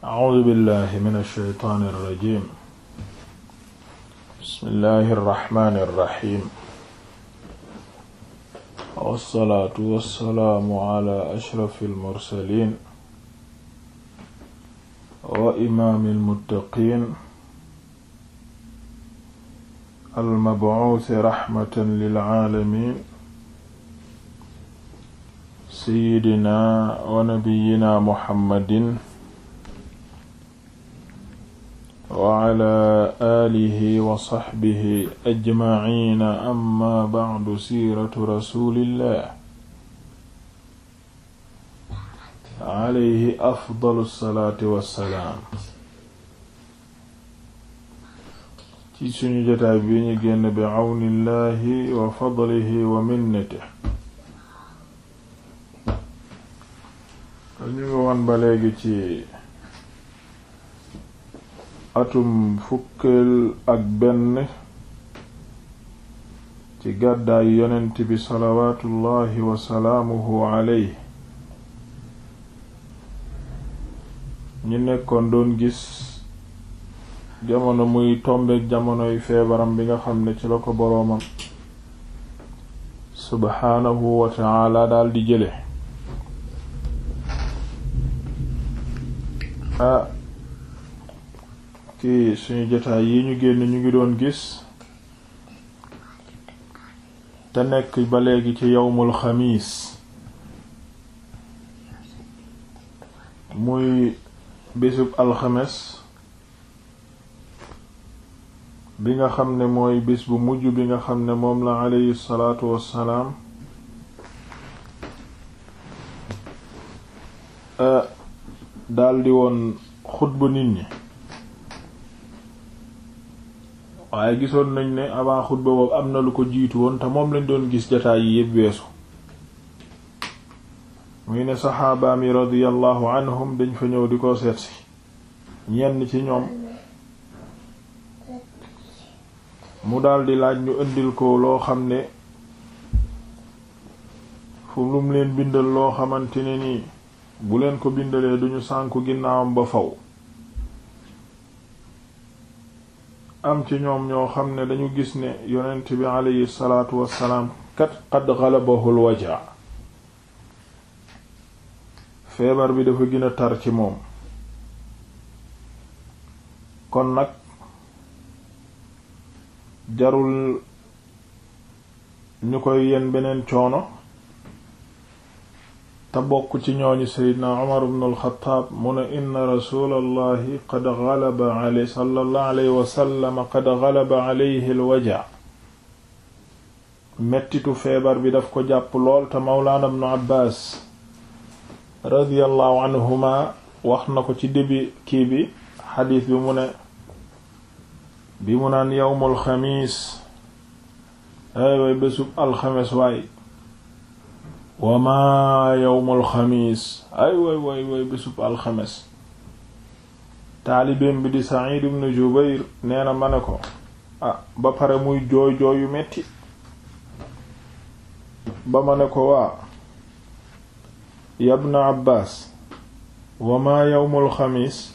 A'uuzu billaahi mina shaytaani rajiim. Bismillaahi rahmaani rahiim. Wassalaatu wassalaamu alaa ashrafil mursaliin. Wa imaamil muttaqiin. Al-mab'uusi rahmatan lil aalamiin. Sayyidinaa wa nabiyyinaa Muhammadin. waala aalihi wa saxbihi ajmaciina amma bacdu siiratu rasulillah alayhi afdalu salaati wassalaam ci suñu jotaay bi ñu génn bi cawnillahi wa fadlihi wa minnatihi ñu ngi woon ba léegi ci atum fukkeel ak benn ci gàddaayu yonent bi salawaatullahi wa salaamuhu alayhi ñu nekkoon doon gis jamono muy tombeek jamonoy feebaram bi nga xam ne ci la ko boroomam subhaanahu wa ta'ala daal di jële ah, ci suñu jotaay yi ñu génn ñu ngi doon gis te nekk ba léegi ci yawmul xamiis muy bésub alxames bi nga xam ne mooy bés bu mujj bi nga xam ne moom la aleyhi salaatu wassalaam eh, daldi woon xut bu nit ñi waaye gisoon nañ ne avant boobu am na lu ko jiitu woon te moom lañ doon gis jataay yi yépp weesu muy ne saxaaba mi radiyallahu anhum dañ fa ñëw di ko seetsi ñenn ci ñoom mu daldi laaj ñu indil ko loo xam ne fu lum leen bindal loo xamante ne nii bu leen ko bindalee duñu sànku ginnaawam ba fow am ci ñoom ñoo xam ne dañu gis ne yonent bi aleyhi salaatu wassalaam kat qad ghalabahul wajaa feebar bi dafa gën tar ci moom kon nag jarul ñu koy yenn beneen coono te bokk ci ñooñu seydna umar bnu alxataab mu ne inna rasul allahi qad galaba qad galaba alayhi alwaja mettitu feebar bi daf ko jàpp lool te mawlaana bnu abbaas radiallahu anhuma wax na ko ci débi kii bi xadiis bi mu ne bi alxamiis ay way bésub alxames waay wama yowmul xamiis ay way way way bésub alxames taalibeem bi di Saïd ibn Jubayr nee na ma ne ko a ah, ba pare muy jooy jooy yu metti ba ma ne ko waa yabna Abbaas wama yowmul xamiis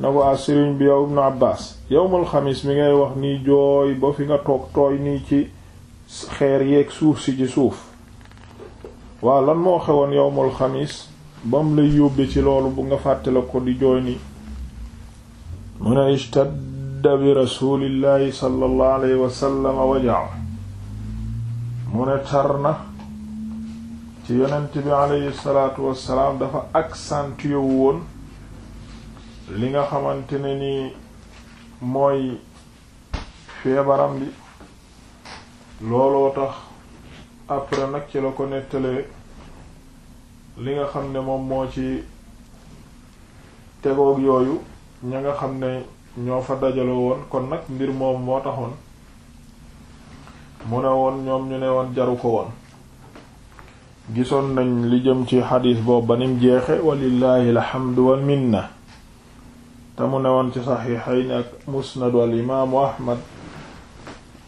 na ko ah sëriñ bi yow ibn Abbaas yowmul xamiis mi ngay wax ni jooy ba fi nga toog tooy nii ci xeer yeeg suuf si ci suuf waa lan moo xewoon yowmul xamis ba mu lay yóbbe ci loolu bu nga fàttale ko di jooy ni mu ne ishtadda bi rasulillahi sallallahu alayhi wasallam mu ne tar na ci yonent bi alayhi salaatu wassalaam dafa accentué woon li nga xamante ne ni mooy feebaram bi looloo tax après nag ci la ko nettalee li nga xam ne moom moo ci tegoog yooyu ña nga xam ne ñoo fa dajaloo woon kon nag mbir moom moo taxoon mu ne woon ñoom ñu ne woon jaru ko woon gisoon nañ li jëm ci xadiis boobu banim jeexe walillahi alhamdu wal minna te mu ne woon ci saxiixayn ak musnadu al imaamu ahmad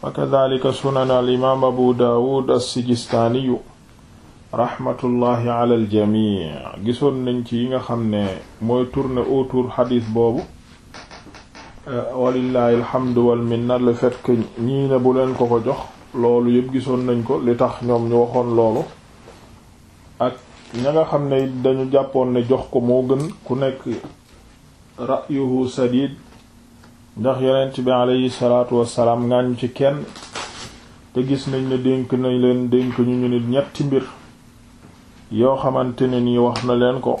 wa kadhalika sunan al imaam abu daawud as-sijistaaniyu raxmatullahi ala aljami gisoon nañ ci yi nga xam ne mooy tourner autour xadiis boobu euh, walillahi alhamdu wal minna le fait que ñii bu leen ko ko jox loolu yëpp gisoon nañ ko li tax ñoom ñu waxoon loolu ak ña nga xam ne dañu jàppoon ne jox ko moo gën ku nekk ra'yuhu sadid ndax yonent bi alayhi salaatu wassalaam ngaañu ci kenn te gis nañ ne dénk nañ leen dénk ñu ñu nit ñetti mbir yoo xamante ne nii wax na leen ko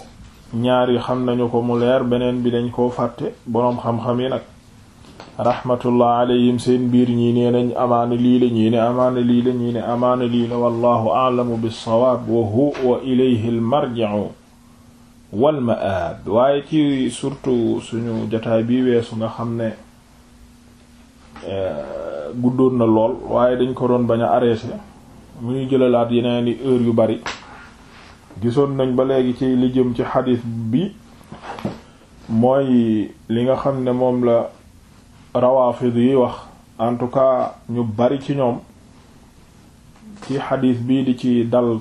ñaar yi xam nañu ko mu leer beneen bi dañ koo fàtte boroom xam-xam yi nag rahmatullah alayhim seen biir ñi nee nañ amaana lii la ñii ne amaana lii la ñii ne amaana lii la wallahu a'lamu bis-sawaab wa huwa wa ilayhi al-marji'u wal ma'aab waaye ci surtout suñu jataay bi weesu nga xam ne eh, guddoon na lool waaye dañ ko doon bañ a arrêté mu ñu jëlalaat yeneen i heure yu bari gisoon nañ ba léegi ci li jëm ci xadis bi mooy li nga xam ne moom la rawaafid yi wax en tout cas ñu bari ci ñoom ci xadis bi di ci dal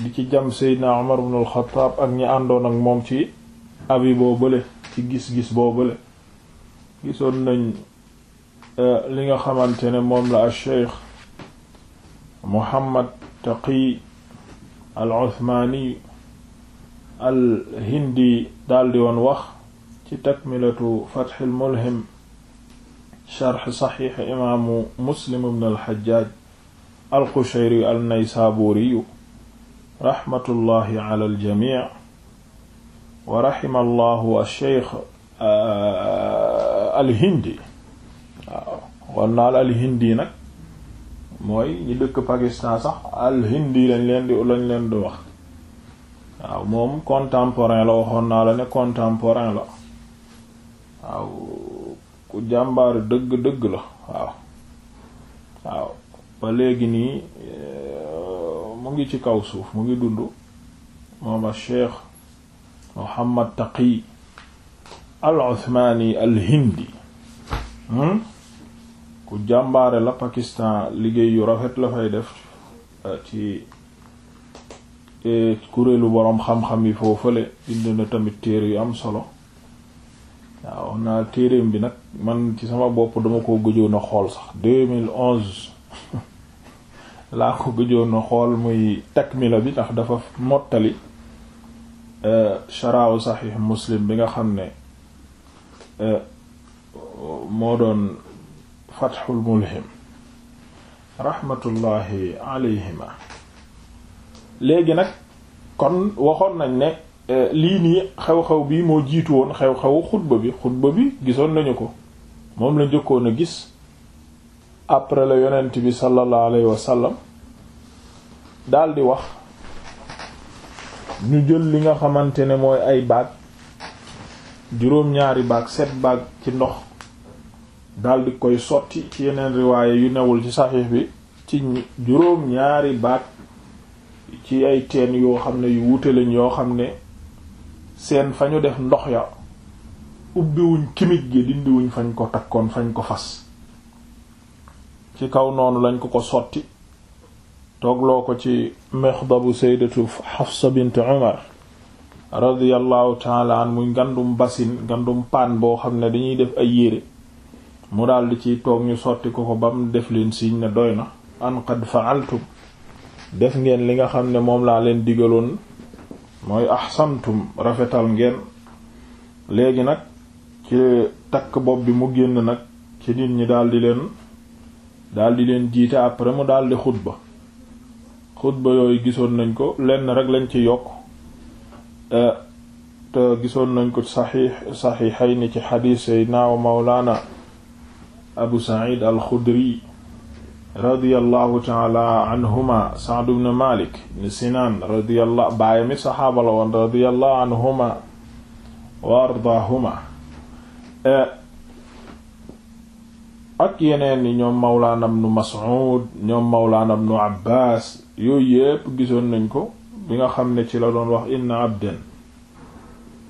di ci jam Seydina Umar ibn al ak ñi àndoon ak moom ci abi boo bële ci gis-gis boo bële gisoon nañ euh, li nga xamante ne moom la al Cheikh Muhammad Taqi al uthmaani al hindi daldi woon wax ci takmilatu fatxil mulhim sharx saxiix imaamu muslim ibn al xajjaaj al qushayri al naysaabuuriyu raxmatullahi ala al jamii wa raxima allahu al sheikh al ah, hindi waaw wan naal al hindi nag mooy ñi dëkk Pakistan sax al hindi lañ leen di lañ leen di wax waaw moom contemporain la waxoon naa la ne contemporain la waaw ku jàmbaaru dëgg dëgg la waaw waaw ba léegi nii eh, mu ngi ci kaw suuf mu ngi dund moom a Cheikh Muhammad Taqi al Uthmani al Hindi hmm? ku jàmbaare la Pakistan liggéey yu rafet la fay def eh, ci eh, kuréelu boroom xam-xam yi foofale bind na tamit téere yu am solo waaw naa téereem bi nag man ci sama bopp dama ko gëjoon xool sax 2011 laa ko gëjoon a xool muy takmila bi ndax dafa mottali eh, sharaaw saxiix muslim bi nga xam ne moo doon fatxul mulhim raxmatullahi alayhima léegi nag kon waxoon nañ ne eh, lii nii xew-xew bii moo jiitu woon xew-xewu xutba bi xutba bi gisoon nañu ko moom la njëkkoon a gis après la yonent bi sallallahu alayhi wa daldi wax ñu jël li nga xamante ne mooy ay baag juróom-ñaari baag set baag ci ndox daldi koy sotti ci yeneen riwaaye yu newul ci saxiix bi ci juróom ñaari baat ci ay teen yoo xam ne yu wuute lañ yoo xam ne seen fa ñu def ndox ya ubbiwuñ kimik gi dindiwuñ fañ ko takkoon fañ ko fas ci kaw noonu lañ ko ko sotti toog loo ko ci mexdabu saydatu Xafsa bint Umar radiyallahu taala muy ngandum basin ngandum paan boo xam ne dañuy def ay yére mu daldi ci toog ñu sotti ko ko ba mu def leen signe na doy na an qad fa'altum def ngeen li nga xam ne moom laa leen digaloon mooy ahsantum rafetal ngeen léegi nag ci takk bopp bi mu génn nag ci nit ñi daldi leen daldi leen jiite après mu daldi xutba xutba yooyu gisoon nañ ko lenn rek lañ ci yokk te gisoon nañ ko saxiix saxiixayni ci xadiis Seydina wa Mawlaana abu said alxudri radiallahu taala anhuma saadu bne malik bne sinaan radiallah baayami saxaaba la woon anhuma wa ardaahuma e, ak yeneen ni ñoom mawlaana bnu mas'ud ñoom mawlaana bnu abbaas yooyu gisoon nañ ko bi nga xam ne ci la doon wax inna abden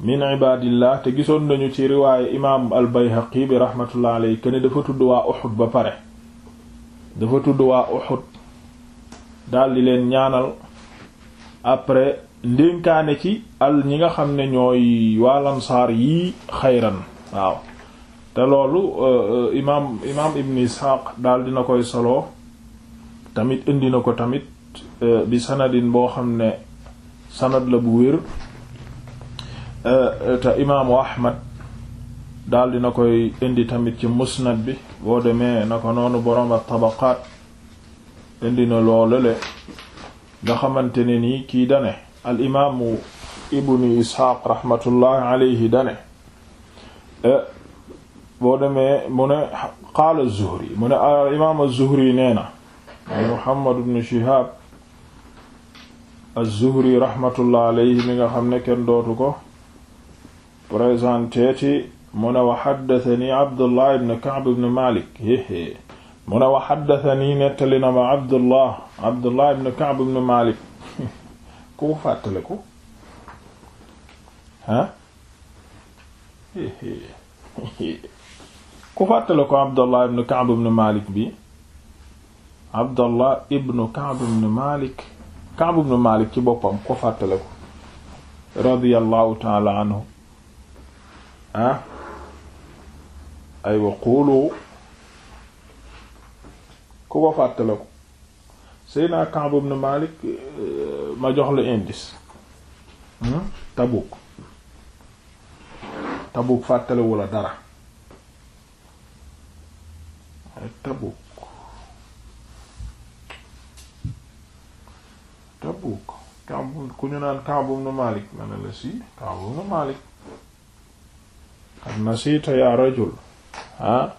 min ibadillah te gisoon nañu ci riwaaye imaam al bayhaqi bi rahmatullah alayhi kene dafa tudd waa Uhud ba pare dafa tudd waa Uhud daldi leen ñaanal après ndénkaane ci al ñi nga xam ne ñooy waalansaar yi xayran waaw te loolu euh, imaam imaam ibn Isxaaq daldi na koy solo tamit indi na ko tamit euh, bi sanadin boo xam ne sanad la bu wér Eh, eh, te imaamu ahmad daal dina koy indi tamit ci musnad bi boo demee na ko noonu boroom ak tabaqaat indi na loolale nga xamante ne nii kii dane al imaamu ibnu isxaaq rahmatullahi alayhi dane eh, boo demee mu ne qaala zuhri mu al imaam az-zuhri nee na muhammad ibn shihaab az-zuhri rahmatullah alayhi mi nga xam ne kenn dootu ko présenté ci mu ne wa xaddatani abdullah ibn kaab ibn malik éé mu ne wa xaddatani nettali na ma abdullah abdullah ibn kaab ibn malik ku fàttale ko ah ku fàttale ko abdullah ibn kaab ibn malik bi abdallah ibnu kaab ibnu malik kaab ibnu malik ci boppam ko fàttale ko radiyallahu taala anhu ah aywa xuulu ku ko fàttale ko Seydina Ka'b ibn Malik eh, ma jox la indice hmm? Tabuk Tabuk fàttalewu la dara ay Tabuk Tabuk Ka'b ku ñu naan Ka'b ibn Malik ma ne la si Ka'b ibn Malik nasiita yaa rajul ah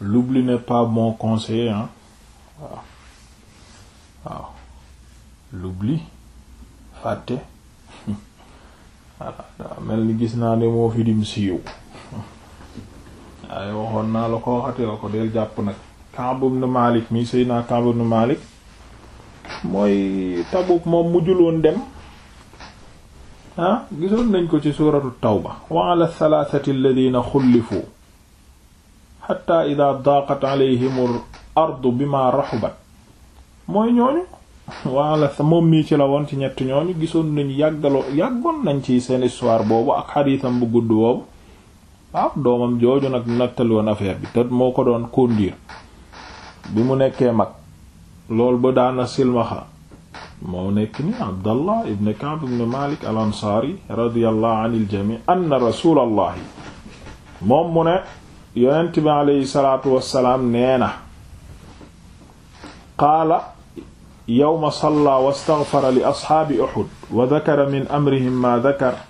l'oubli n'est pas bon conseiller ah waaw waaw fàtte voilà mel ni gis naa ne moo fi dim siiw waaye waxoon naa la ko waxati la ko del jàpp nag Kaab ibn Malik sëy naa Kaab ibn mooy Tabuk moom mujjul woon dem ah gisoon nañ ko ci suuratu tawba wa ala thalathati alladhina xullifu hatta idha daqat alayhim al ardu bima rahubat mooy ñooñu wa ala moom mii ci la woon ci ñett ñooñu gisoon nañ yàggoon nañ ci seen histoire boobu ak xadiisam bu gudd boobu waaw ah, doomam jooju nag nattal woon affaire bi te moo ko doon conduire bi mu nekkee mag lool ba daana silmaxa moo nekk ni abdallah ibn Ka'b ibn Malik al ansaari radiyallahu anil jami anna rasulallahi moom mu ne yonent bi aleyhi salaatu wassalaam nee na qaala yawma salla wastaghfara li ashaabi Uhud wa dhakara min amrihim ma dhakara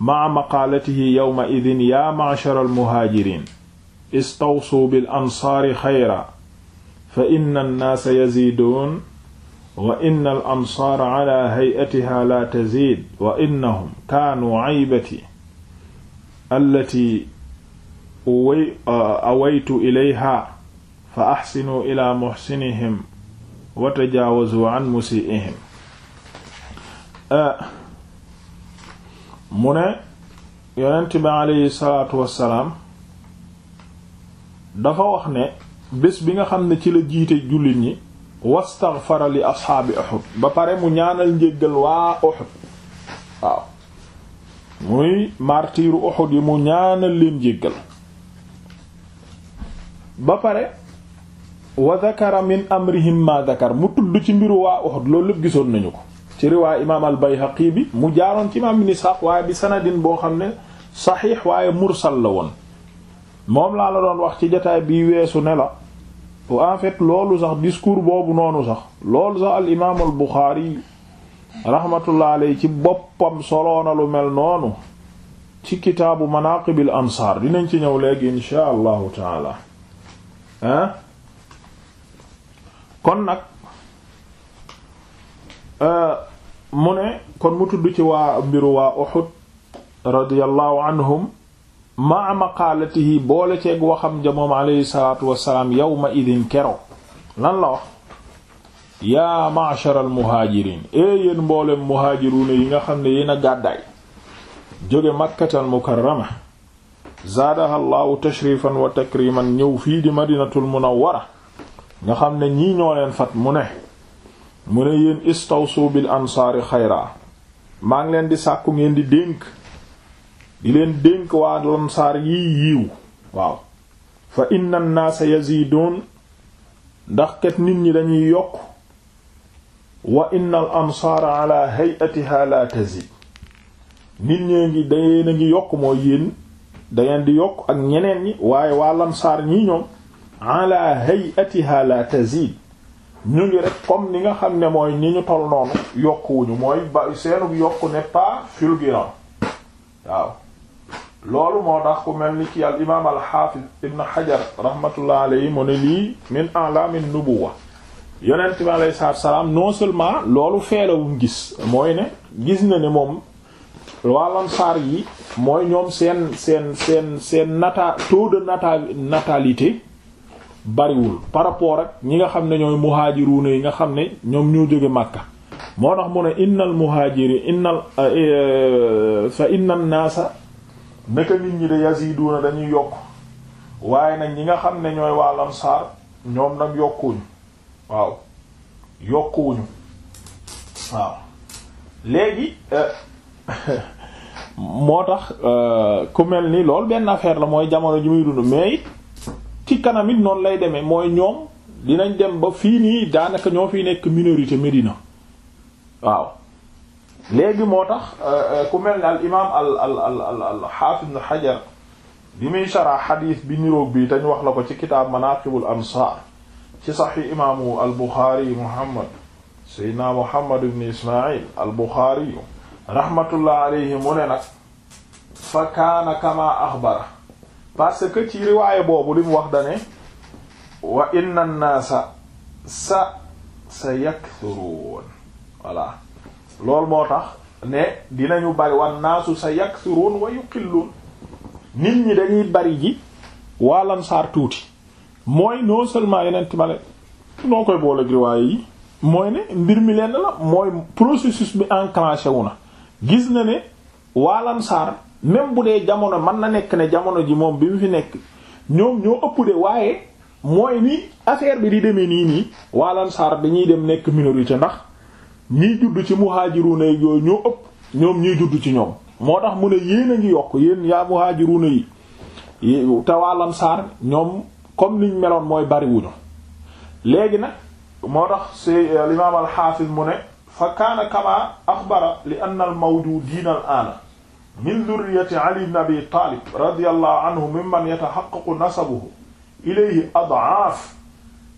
ma'a maqaalatihi yawma idhin yaa ma'shara al-muhaajiriin istawsuu bil ansaari khayran fa inna an-naasa yaziiduun wa inna al ansaara ala hay'atiha la tazid wa innahum kaanuu caybati allati uh, awaytu fa axsinuu ila musiihim mu ne yonent bi aleyhi salaatu wassalaam dafa wax ne bés bi nga xam ne ci la jiite jullit ñi wastaghfara li ashaabi Uhud ba pare mu ñaanal njéggal waa Uhud waaw muy martiru Uhud yi mu ñaanal leen njéggal ba pare wa dhakara min amrihim ma dhakar mu tudd ci mbiru waa Uhud loolu lépp gisoon nañu ko ci riwaay imaam al-Bayhaqi mu jaaroon ci imaam Ibn Ishaq waaye bi sanadin boo xam ne saxiix waaye mursal la woon moom laa la doon wax ci jotaay bi weesu ne en fait loolu sax discours boobu noonu sax loolu sax al imaam al Buxaari rahmatullah alayhi ci boppam soloona lu mel noonu ci kitaabu manaaqibil ansaar dinañ ci ñëw léegi insha allahu taala hein kon nag euh, mu kon mu tudd ci waa mbiru radiyallahu anhum maa maqaalatihi boole ceeg waxam ja moom alayhi salaatu wassalaam yawma idin kero lan la wax yaa ma'shar al muhaajiriin ee yéen mboolem muhaajiruuna yi nga xam ne yéen a gàddaay jóge makkatal mukarrama zaadaha llaahu tashrifan wa takriman ñëw fii di madinatul munawwara nga xam ne ñii ñoo leen fat mu ne mu ne yéen istawsu bil ansaari xayra maa ngi leen di sàkku ngeen di dénk di leen dénk waa lansaar yi yiiw waaw fa inna naasa yaziidoon ndax kat nit ñi dañuy yokk wa inna al ansaara ala hay'atiha la tazid nit ñee ngi dangeen a ngi yokk mooy yéen dangeen di yokk ak ñeneen ñi waaye waa lansaar ñii ñoom ala hay'atiha la ñu ngi rek comme ni nga xam ne mooy ni ñu toll noonu yokkuwuñu mooy ba seenu yokk n'est pas loolu moo tax ku mel ni ki al imaam al xaafiz ibn xajar rahmatullah alayhi mu ne lii min alaamin nubuwa yonent bi alayhi salaatu salaam non seulement loolu feelawum gis mooy ne gis na ne moom wàllam saar yi mooy ñoom seen seen seen seen nata taux de nata natalité bariwul par rapport ak ñi nga xam ne ñooy muhaajiruuna yi nga xam ne ñoom ñoo jóge Makka moo tax mu ne innal muhaajiri innal eh, eh, fa inna an-naasa naka nit ñi de na dañuy yokk waaye nag ñi nga xam ne ñooy waa Ansaar ñoom nag yokkuwuñu waaw yokkuwuñu waaw léegi euh, moo tax euh, ku mel ni lool benn affaire la mooy jamono ji muy dund mais ci kanam it noonu lay demee mooy ñoom dinañ dem ba fii nii daanaka ñoo fi nekk minorité Médina waaw léegi moo tax euh, euh, ku mel ne al imaam al al al al xaafis ibn Hajar bi muy shara xadiis bi niroog bi dañ wax la ko ci kitaab manaqibul ansaar ci saxi imaamu al Buxaari Muhammad Seydina Muhammad ibn Ismaayil al Buxaari rahmatullah alayhi mu ne nag fa kaana kama axbara parce que ci riwaaye boobu li mu wax dane wa inna an-naasa sa sa yakturuun voilà loolu moo tax ne dinañu bari wan naasu sa yaksurun wa yuqillun nit ñi dañuy bari ji waa lansaar tuuti mooy non seulement yeneen timale noo koy boole riwaaye yi mooy ne mbir mi lenn la mooy processus bi enclenché wu na gis na ne waa lansaar même bu dee jamono mën na nekk ne jamono ji moom bi mu fi nekk ñoom ñoo ëpp de waaye mooy ni affaire bi di demee nii nii waa lansaar dañuy dem nekk minorité ndax ñiy judd ci muhaajiruuna yi yooyu ñoo ëpp ñoom ñiy judd ci ñoom moo tax mu ne yéen a ngi yokk yéen yaa muhaajiruuna yi tawaalan saar ñoom comme niñ meloon mooy bariwuñu léegi nag moo tax si imaam alxaafis mu ne fa kaana kamaa axbara li anna al mawjuudiina al min durriyati ali ibn abi taalib radiyallahu anhu mimman yataxaqqaqu nasabuhu ilayhi ad'aaf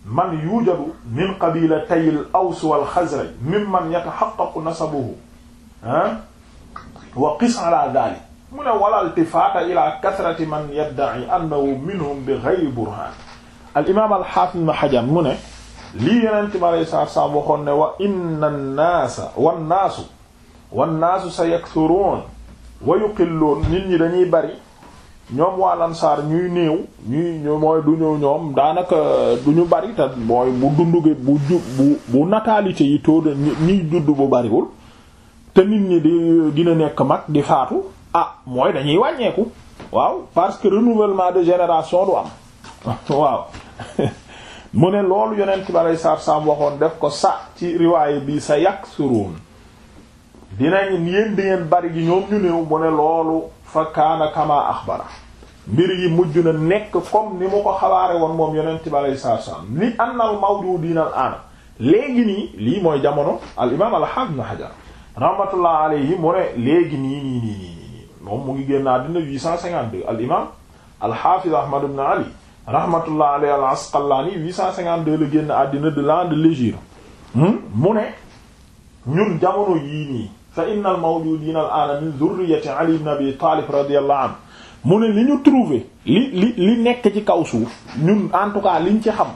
man yuujadu min qabilatay al aws wal xasraj mimman yataxaqaqu nasabuhu ah wa qis ala dalik mu ne wala iltifaata ila kasrati man yadda'i annahu minhum bi ghayri burhan al imam al hafiz ibn hajar mu ne lii yenente mi aleyi salaatu salaam waxoon ne wa inna nnaasa wannaasu wannaasu sayakthurun wa yuqilluun nit ñi dañuy bari ñoom waa lansaar ñuy néew ñuy mooy du ñu ñoom daanaka du ñu bari te mooy bu dundu bu ju bu bu yi taux de ñiy judd bu bariwul te nit ñi di dina nekk mag di faatu ah mooy dañuy wàññeeku waaw parce que renouvellement de génération du am waaw mu ne loolu yeneen bi alei saatu waxoon def ko sa ci riwaaye bi sa yàq suroon dinañ yéen di ngeen bari gi ñoom ñu néew mu ne loolu fa kaana kama axbara mbir yi mujj na nekk comme ni mu ko xabaare woon moom yonent bi alayhi salaatu salaam li anna al mawjuudiina léegi nii lii mooy jamono al imaam al haafiz ibn hajar rahmatullah alayhi mu ne léegi nii nii nii moom mu ngi génn àddina 852 al imaam al haafiz ahmad ibn ali rahmatullah alayhi al asqalaani 852 la génn àddina de l'an de l'hégire hmm? mu ne ñun jamono yii nii fa inna al mawjudina al aana min zurriyati ali ibn abi talib radiyallahu anhu mu ne li ñu trouvé li li li nekk ci kaw suuf ñun en tout cas liñ ci xam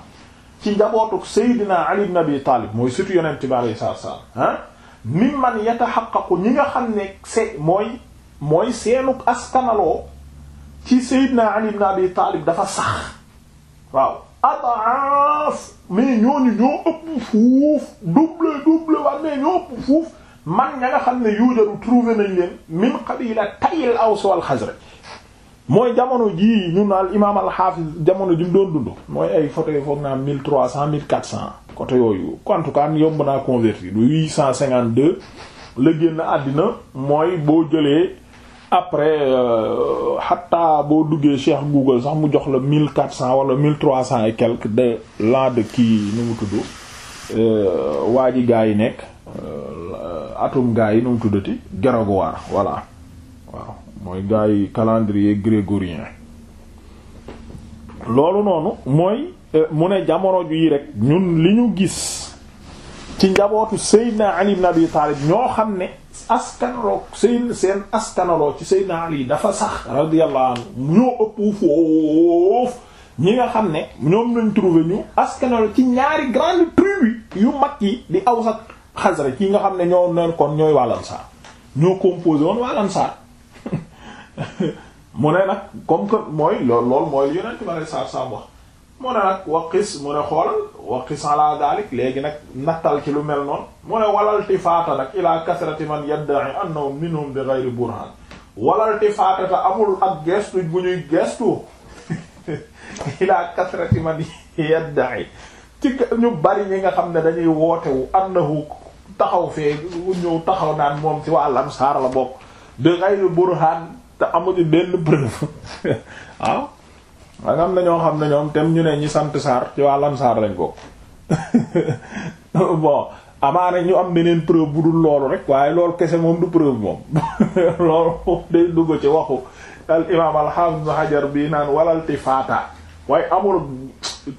ci njabootu Seydina Ali ibn Abi Talib mooy surtout yonent bi alayhi salaatu wa salaam ah mimman yatahaqqaqu ñi nga xam ne se mooy mooy seenu askanaloo ci Seydina Ali ibn Abi Talib dafa sax waaw adaaf mais ñooñu ñoo ëpp fuuf double double waaw mais ñoo ëpp fuuf man ña nga xam ne yuudaru trouvé nañ leen min qabila aw aws wal xasraj mooy jamono jii ñun al imaam al xaafis jamono ji mu doon dund mooy ay photo yi foog naa mille trois cent mille quatre cent côté yooyu en tout yomb naa convertir du huit cent cinquante deux la génn àddina mooy boo jëlee après xataa euh, boo duggee cheikh google sax mu jox la mille quatre cent wala mille trois cent et quelque de l'an de kii nu mu tudd euh, waa ji gaa yi nekk euh, atum gaa yi nu mu tuddati Grégoire voilà waaw mooy gaa yi calendrier grégorien loolu noonu mooy euh, mu ne jamono jii rek ñun li ñu gis ci njabootu Seydina Ali ibn Abi Talib ñoo xam ne askanaloo seen seen askanaloo ci Seydina Ali dafa sax radiyallahu anhu ñoo ëpp foofu ñi nga xam ne ñoom lañ trouvé ñu askanaloo ci ñaari grande tribu yu mag yi di Aws Xasraj ki nga xam ne ñoo nen kon ñooy waa Ansaar ñoo composé woon waa mu ne nag comme que mooy lool lool mooy yonent ba ne saar saam wax mu ne nag waqis mu ne xoolal waqis ala dalik léegi nag nattal ci lu mel noon mu ne walalti faata nag ila kasrati man yadda'i annahum minhum bi ghayri burhan walalti faata te amul ak gestu bu ñuy gestu ila kasrati man yadda'i ci ñu bari ñi nga xam ne dañuy wootewu annahu taxaw fee ñëw taxaw naan moom ci waa saar la bokk de ghayr burhan te amuñu benn preuve ah, waaw waaye am na ñoo xam ne ñoom tam ñu ne ñi sant saar ci waa saar lañ bokk bon amaana ñu am beneen preuve bu dul loolu rek waaye loolu kese moom du preuve moom loolu day dugg ci waxu al imaam al hafiz hajar bii naan walal ti faata waaye amul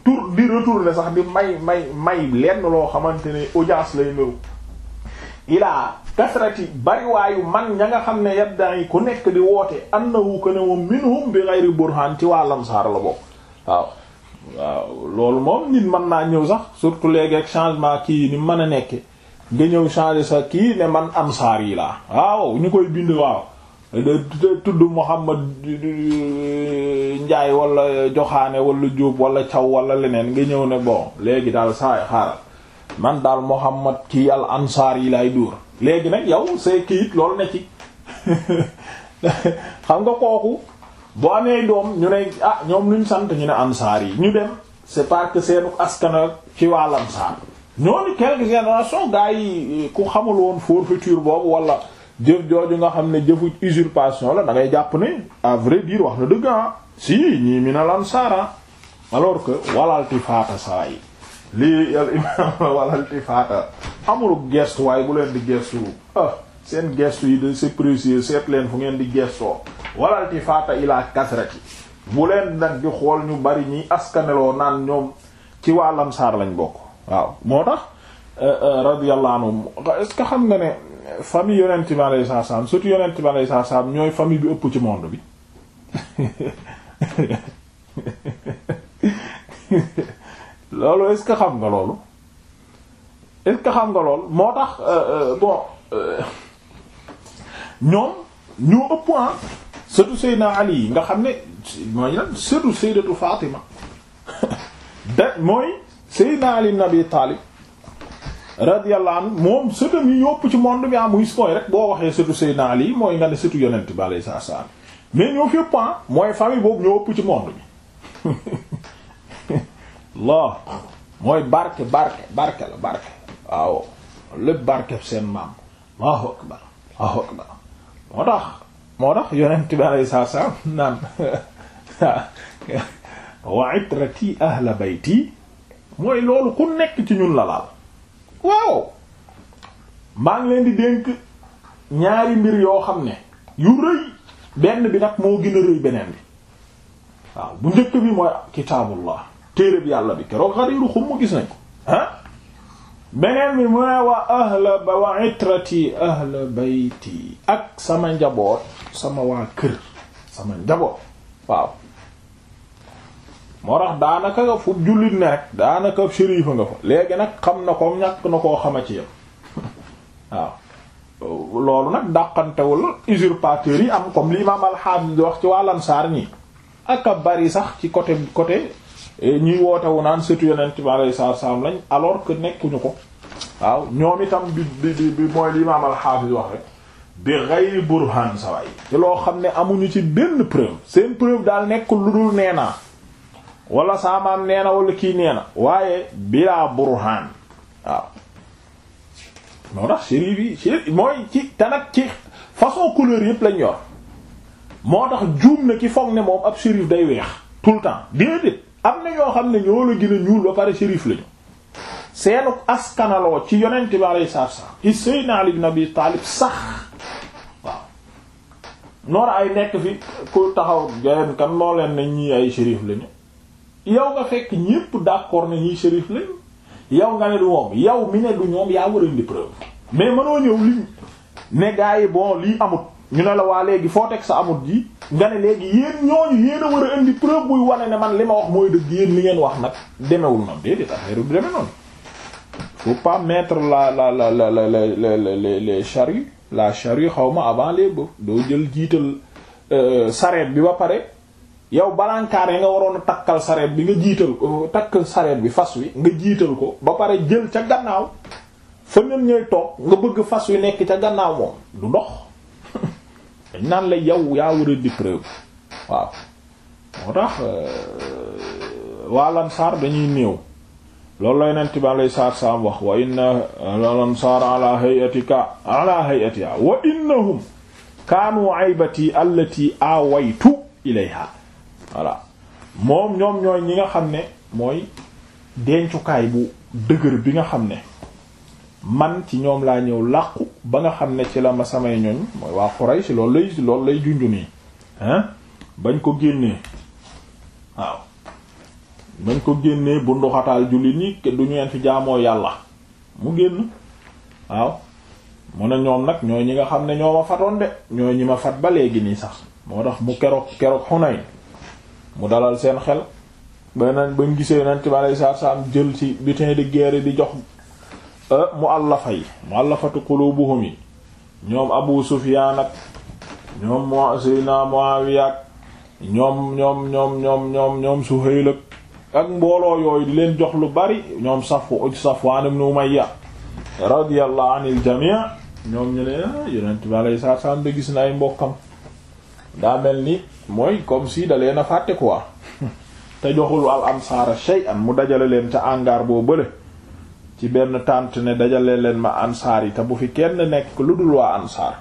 tour di retourner sax di may may may lenn loo xamante ne audience lay nëw ilaa kasrati bariwaayu man ña nga xam ne yadda'i ku nekk di woote annahu kana moom minhum bi ghayri burhan ci waa saar la bokk waaw waaw loolu moom nit mën naa ñëw sax surtout léegi ak changement kii ni mën a nekke nga ñëw changer sa kii ne man ansaar yi laa waaw ñu koy bind waaw tudd Muhammad Njaay wala Joxaane wala Jóob wala Caw wala leneen nga ñëw ne bon léegi daal saay xaaral man daal Muhammad kii al ansaar yi lay dóor léegi nag yow say kiit loolu na ci xam nga kooku boo amee doom ñu ne ah ñoom luñ sant ñu ne ansaar yi ñu dem c'est par que seenu askan ci wàll ansaar ñooñu quelques générations gars yi ku xamul woon forfaiture boobu wala jëf jooju nga xam ne jëfu usurpation la da ngay jàpp ne à vrai wax na dëgg ah si ñii mi na lan ah. alors que walal ti faata saa yi lii al imaam wala iltifaata amul gestu waaye bu leen di gestu ah, seen gestu yi de c'est précieux seet leen fu ngeen di gestoo wala iltifaata ilaa kasrati bu leen nag di xool ñu bari ñi askaneloo naan ñoom ci waa lamsaar lañ bokk waaw moo tax eh, eh, radiyallahu anhum est-ce xam nga ne famille yonent bi alayhi salaam surtout yonent bi alayhi salaam ñooy famille bi ëpp ci monde bi loolu est-ce que xam nga loolu est xam nga loolu moo tax euh, euh, bon euh, ñoom ñoo ëpp ah surtout Seydina yi nga xam ne mooy lan surtout Sayyidatu Fatima da mooy Seydina Ali ibn Abi Talib radiyallahu anhu moom sëtam yi yópp ci monde bi am muy mooy rek boo waxee surtout Seydina Ali yi mooy nga ne surtout yonent bi alayhi salaam mais ñoo fi ëpp ah mooy famille boobu ñoo ëpp ci monde bi laa mooy barke barke barke la barke waaw lépp barke seen maam Allahu akbar Allahu akbar moo tax moo tax yonent bi alayhi salaam naan wa itrati ci ñun la laal waaw maa leen di dénk ñaari mbir yoo xam ne yu rëy benn bi nag moo gën a rëy beneen bi waaw bu njëkk bi mooy kitaabullah téeréb yàlla bi keroog xariiru xumma gis nañ ko ah beneen bi mu ne wa ahla ba wa itrati ahla bayti ak sama njaboot sama waa kër sama njaboot waaw moo tax daanaka nga fu jullit ne rek daanaka shérifa nga fa léegi nag xam na ko ñàkk na koo xama ci yam waaw loolu nag dàqantewul usurpateurs yi am comme l'imam al-Hafiz di wax ci waa Ansaar ñi aka bari sax ci côté côté Eh, ñuy woote wu naan sëtu yonent bi alayhi salaam lañ alors que nekkuñu ko waaw ñoom itam bi bi bi mooy li imaam al-Hafiz wax rek bi ghayri burhan saway te loo xam ne amuñu ci benn preuve seen preuve daal nekk lu dul nee naa wala saamaam nee wala kii nee waaye bilaa burhan waaw moo tax shérif yi mooy ci te nag ci façon couleur yëpp lañ yor moo tax juum na ki foog ne moom ab shérif day weex tout le temps déedéet am na ñoo xam ne ñoo la gën a ñuul ba pare shérif lañu seenu askanaloo ci yonent bi alayhi salaatu salaam ci Seydina Ali ibn Abi Taalib sax waaw noora ay nekk fi ku taxaw jaleen kan loo leen ne ñii ay shérif lañu yow nga fekk ñépp d'accord ne ñii shérif lañu yow nga ne du moom yow mi ne du ñoom yaa war a indi preuve mais mënoo ñëw liñ ne gaa yi bon lii amut ñu ne la waa léegi foo teg sa amut ji nga ne léegi yéen ñooñu yéen a war a indi preuve buy wane ne man li ma wax mooy dëgg yéen li ngeen wax nag demewul noonu déedéet affaire bi demee noonu faut pas mettre la la la la la la les charrues la charrue xaw avant les bœufs doo jël jiital sareet euh, bi ba pare yow balankaar yi nga waroon a takkal sareet bi nga jiital ko takk sareet bi fas wi nga jiital ko ba pare jël ca gannaaw fa ñooy toog nga bëgg fas wi nekk ca gannaaw du dox. dañ naan la yow yaa war a di preuve waaw moo tax euh, waa lansaar dañuy néew loolu lay nent bi alay saar saam wax wa inna lansaar ala hayatika ala hayatia wa innahum kaanu aybati allati awaytu ilayha voilà moom ñoom ñooy ñi nga xam ne mooy dencukaay bu dëgër bi nga xam ne man ci ñoom laa ñëw làqu ba nga xam ne ci la ma samay ñoñ mooy waa Quraysh loolu lay loolu lay junju nii hein bañ ko génnee waaw bañ ko génnee bunduxataal jullit ñi du ñeen fi jaamoo yàlla mu génn waaw mu ne ñoom nag ñooy ñi nga xam ne ñoo ma fatoon de ñooy ñi ma fat ba léegi nii sax moo tax mu keroog keroog xunay mu dalal seen xel ba nañ bañ gisee nañ ci balay saar saam jël ci butin de guerre di jox Euh, muallafa yi muallafatu qulubuhum yi ñoom Abu Sufyaan ak ñoom mo Seydina Muawiya ak ñoom ñoom ñoom ñoom ñoom ñoom Suhayl ak mbooloo yooyu leen jox lu bari ñoom Safwa Safwaan may Umayya radiyallahu anil jamii ñoom ñu ne ah, yonent bi alayhi salaam da gis na ay mbokkam daa mel ni mooy comme si da leen a fàtte quoi te joxul al ansaara shay'an mu dajale leen ca angaar boo bële ci benn tànt ne dajale leen ma ansaar yi te bu fi kenn nekk lu dul waa ansaar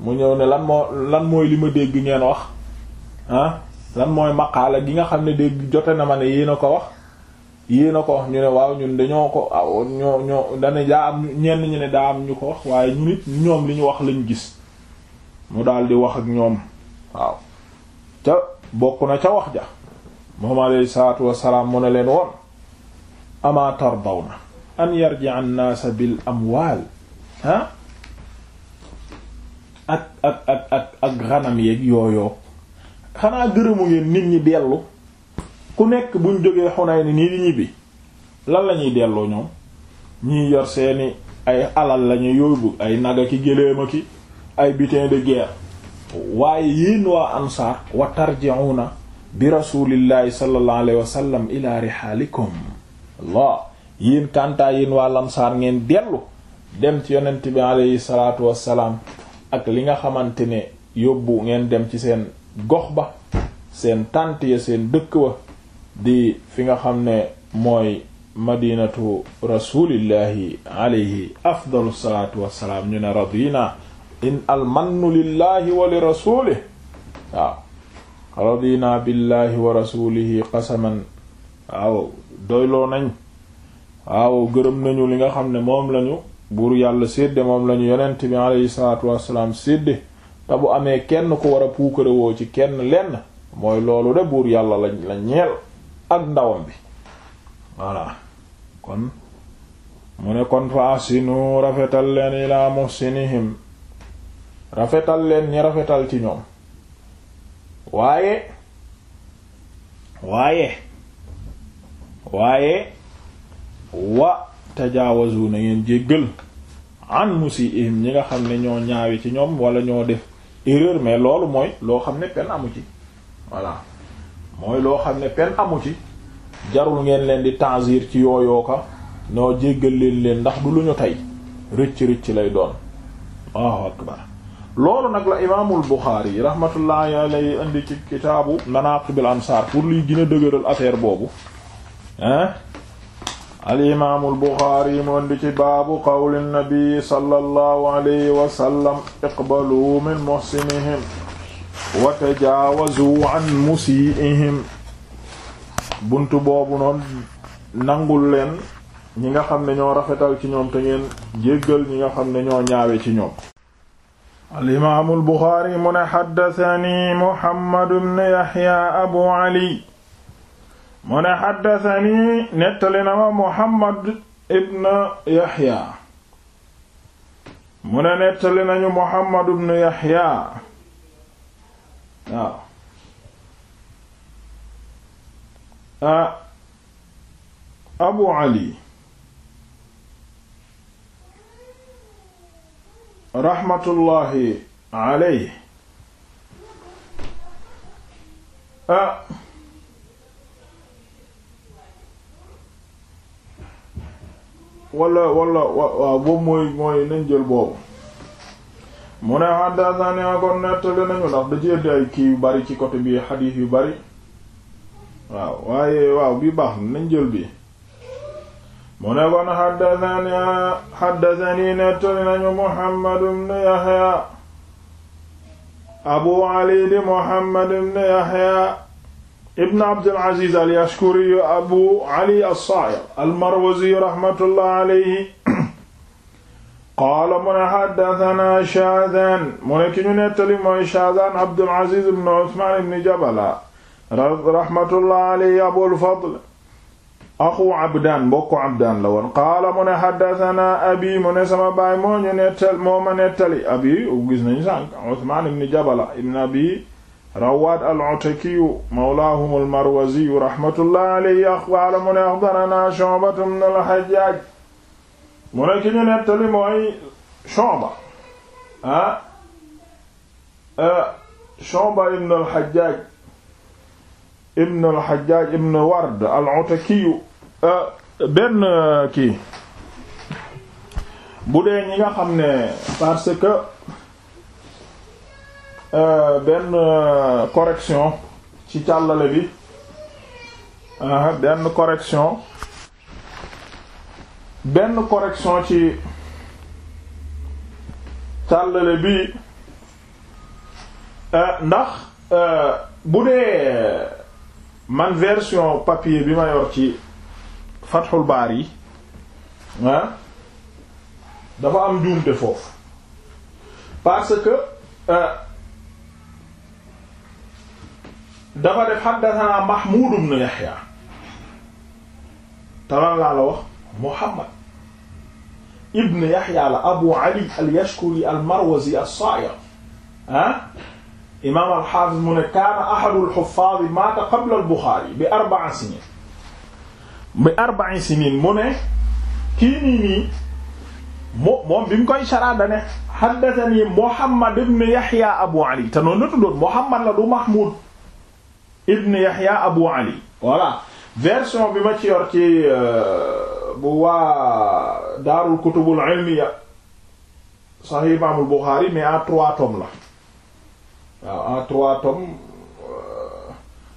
mu ñëw ne lan moo lan mooy li ma dégg ngeen wax lan mooy maqaala gi nga xam ne dégg jote na ma ne yéen a ko wax yéen a ko wax ñu ne waaw ñun dañoo ko ah, ñoo ñoo dane daa am ñenn ñu ne daa am ñu ko wax waaye ñu nit ñoom li ñu wax lañu gis mu daal wax ak ñoom waaw ca bokk na ca wax ja moom alayhi salaatu wassalaam mu ne leen woon ama tardawna an yarji annaasa bil amwaal ah ak ak ak ak ak xanam yeeg yooyoo xanaa gërëmu ngeen nit ñi dellu ku nekk buñ jógee xunay ni nii di ñibbi lan la ñuy delloo ñoom ñiy yor seeni ay alal lañu yóbbu ay naga ki géléema ki ay butin de guerre waaye yéen waa ansaar wa tarji'una bi rasulillahi sallallahu alayhi wa sallam ila rihaalikum Allah yéen kantaa yéen waa ngeen dellu dem ci yonent bi aleyhi salaatu wassalaam ak li nga xamante ne yóbbu ngeen dem ci seen gox ba seen tànt ya seen dëkk wa di fi nga xam ne mooy madinatu rasulillahi alayhi afdalu salaatu wassalaam ñu ne radina in almannu lillahi wa li rasulih waaw radina qasaman waaw doyloo nañ waaw gërëm nañu li nga xam ne moom lañu buur yàlla sédde moom lañu yonent bi aleyhi salaatu wassalaam sédde te bu amee kenn ku war a puukarewoo ci kenn lenn mooy loolu de buur yàlla lañ la ñeel ak ndawam bi voilà kon mu ne kon fa ahsinu rafetal leen ilaa muhsinihim rafetal leen ñi rafetal ci ñoom waaye waaye waaye wa tajaawazu na ngeen jéggal an musiihim ñi nga xam ne ñoo ñaawi ci ñoom walla ñoo def erreur mais loolu mooy loo xam ne pen amu ci voilà mooy loo xam ne pen amu ci jarul ngeen leen di tanzir ci yooyoo ka noo jéggal leen leen ndax du lu ñu tey rëcc rëcc lay doon Allahu akbar loolu nag la imaamul Buxaari rahmatullahi alayhi indi ci kitaabu manaaqibil ansaar pour luy gën a dëgëral affaire boobu ah alimamu alboxaari yi moon ci baabu qawli nnabii sallallahu alayhi wa sallam iqbaluu min muhsinihim wa tajaawazuu an musiihim bunt boobu noon nangul leen ñi nga xam ne ñoo rafetal ci ñoom te ngeen jéggal ñi nga xam ne ñoo ñaawe ci ñoom alimaamu alboxaari mu ne xaddatani muhammadu bnu yaxya abu ali mu ne xaddatani nettali na ma Muhammad ibn Yaxya mu ne nettali nañu Muhammad ibn Yaxya waaw a Abu Ali raxmatullaahi alayhi wala walla waaw boobu mooy mooy nañ jël boobu mu ne haddathana kon nettali nañu ndax da ay kii yu bari ci côté bi xadiis yu bari waaw waaye waaw bi baax nañ jël bi mu ne kon haddathani haddathani nettali nañu Muhammad ibn Yahya Abu Ali di Muhammad ibn Yahya ibn abdul aziz al yashkuri abu ali as-sa'ir al marwazi rahmatullah alayhi qaala mu ne haddathana shaadaan mu ne ki ñu nettali mooy shaadaan abdul aziz ibn usmaan ibn jabala rahmatullah alayhi abul fadl axu abdaan mbokku abdaan la woon qaala mu ne haddathana abi mu ne sama baay moo ñu nettal moo ma nettali abi gis nañu sànq usmaan ibn jabala ibn abi rawaad al-Utakiyu mawlaahum al-Marwaziyu rahmatullahi alayhi qaala mu ne axbaranaa Shu'batu bnu al-Hajjaaj mu ne ki ñu nettali mooy Shu'ba ah, ah Shu'ba ibnu al-Hajjaaj ibnu al-Hajjaaj ibnu Ward al-Utakiyu ah, benn kii bu dee ñi nga xam ne parce que Euh, benn euh, correction ci càllale bi ah, benn correction benn correction ci càllale bi euh, ndax bu dee man version papier bi ma yor ci Fathul Bari ah dafa am njuumte foofu parce que dafa def xaddasanaa Mahmoud ibn Yahya talan laa la wax Muhammad ibn Yahya la Abu Ali al-Yashkuri al-Marwazi as-Sa'ir ah imaam al-Hafiz mu ne kaana ahadu al-huffaaz maata qabla al-Bukhari bi arba'a siniin bi arba'i siniin mu ne kii nii nii moo moom bi mu koy shara da ne haddathanii Muhammad ibn Yahya Abu Ali te noonu la tuddoon Muhammad la du Mahmoud ibn Yahya Abu Ali voilà version bi ma ci yor ci euh, bu waa daarul kutubul ilmiya sahih imaamul Bukhari mais en trois tomes la waaw en trois tomes euh,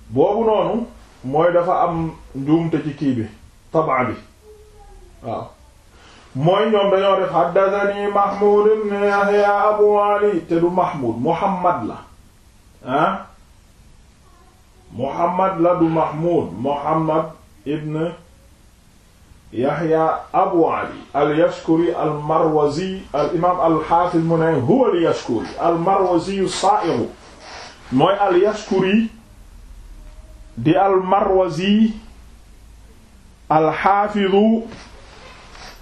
boobu mooy dafa am njuumte ci kii bi tabaa bi mooy ñoom dañoo def haddathani Mahmud ibn Yahya Abu Ali te Mahmud Muhammad la ah Muhammad la du Mahmoud Muhammad ibn Yahya Abu Ali al-Yashkuri al-Marwazi al-imaam al-Haafiz mu ne huwa al-Yashkuri al-Marwazi as-Saa'iq mooy al-Yashkuri di al-Marwazi al-Haafiz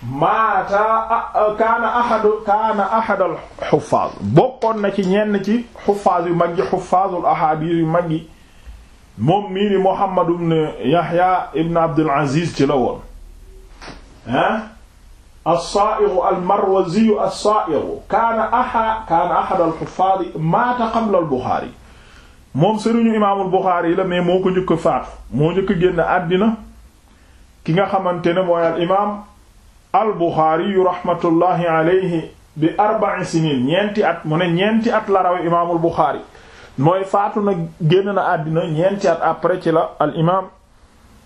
maata kaana ahadu kaana ahad al-huffaaz bokkoon na ci ñenn ci huffaaz yu mag yi huffaazul ahaadiis yu mag yi moom mii ni Muhammad ibn Yahya ibn Abdul Aziz ci la woon ah as-Saa'igh al-Marwazi as-Saa'igh kaana aha kaana ahad al-huffaaz maata qabla al-Buxaari moom sëriñu imaamul Buxaari la mais moo ko njëkk a faatu moo njëkk a génn àddina ki nga xamante ne mooy al imaam al-Buxaari rahmatullahi alayhi bi arba'i siniin ñeenti at mu ne ñeenti at la rawe imaamul Buxaari mooy faatu na génn na àddina ñeenti at après ci la al imaam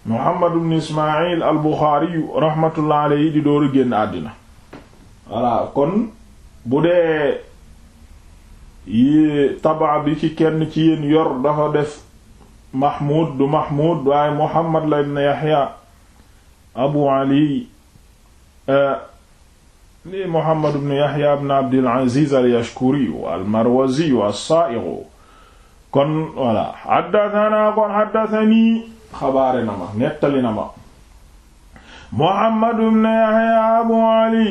Muhammad ibn Ismaïl al Bukhari rahmatullah alayhi di dooru génn àddina voilà kon bu dee yi tabaa bi ci kenn ci yéen yor dafa def Mahmoud du Mahmoud waaye Muhammad la ibn Yahya Abu Ali eh, Muhammad ibn Yahya ibn Abdul Aziz al Yashkuri al Marwazi as-Sa'iq kon voilà xaddasanaa kon xaddasanii xabaare na ma nettali na ma muhammadu bne yahya abu ali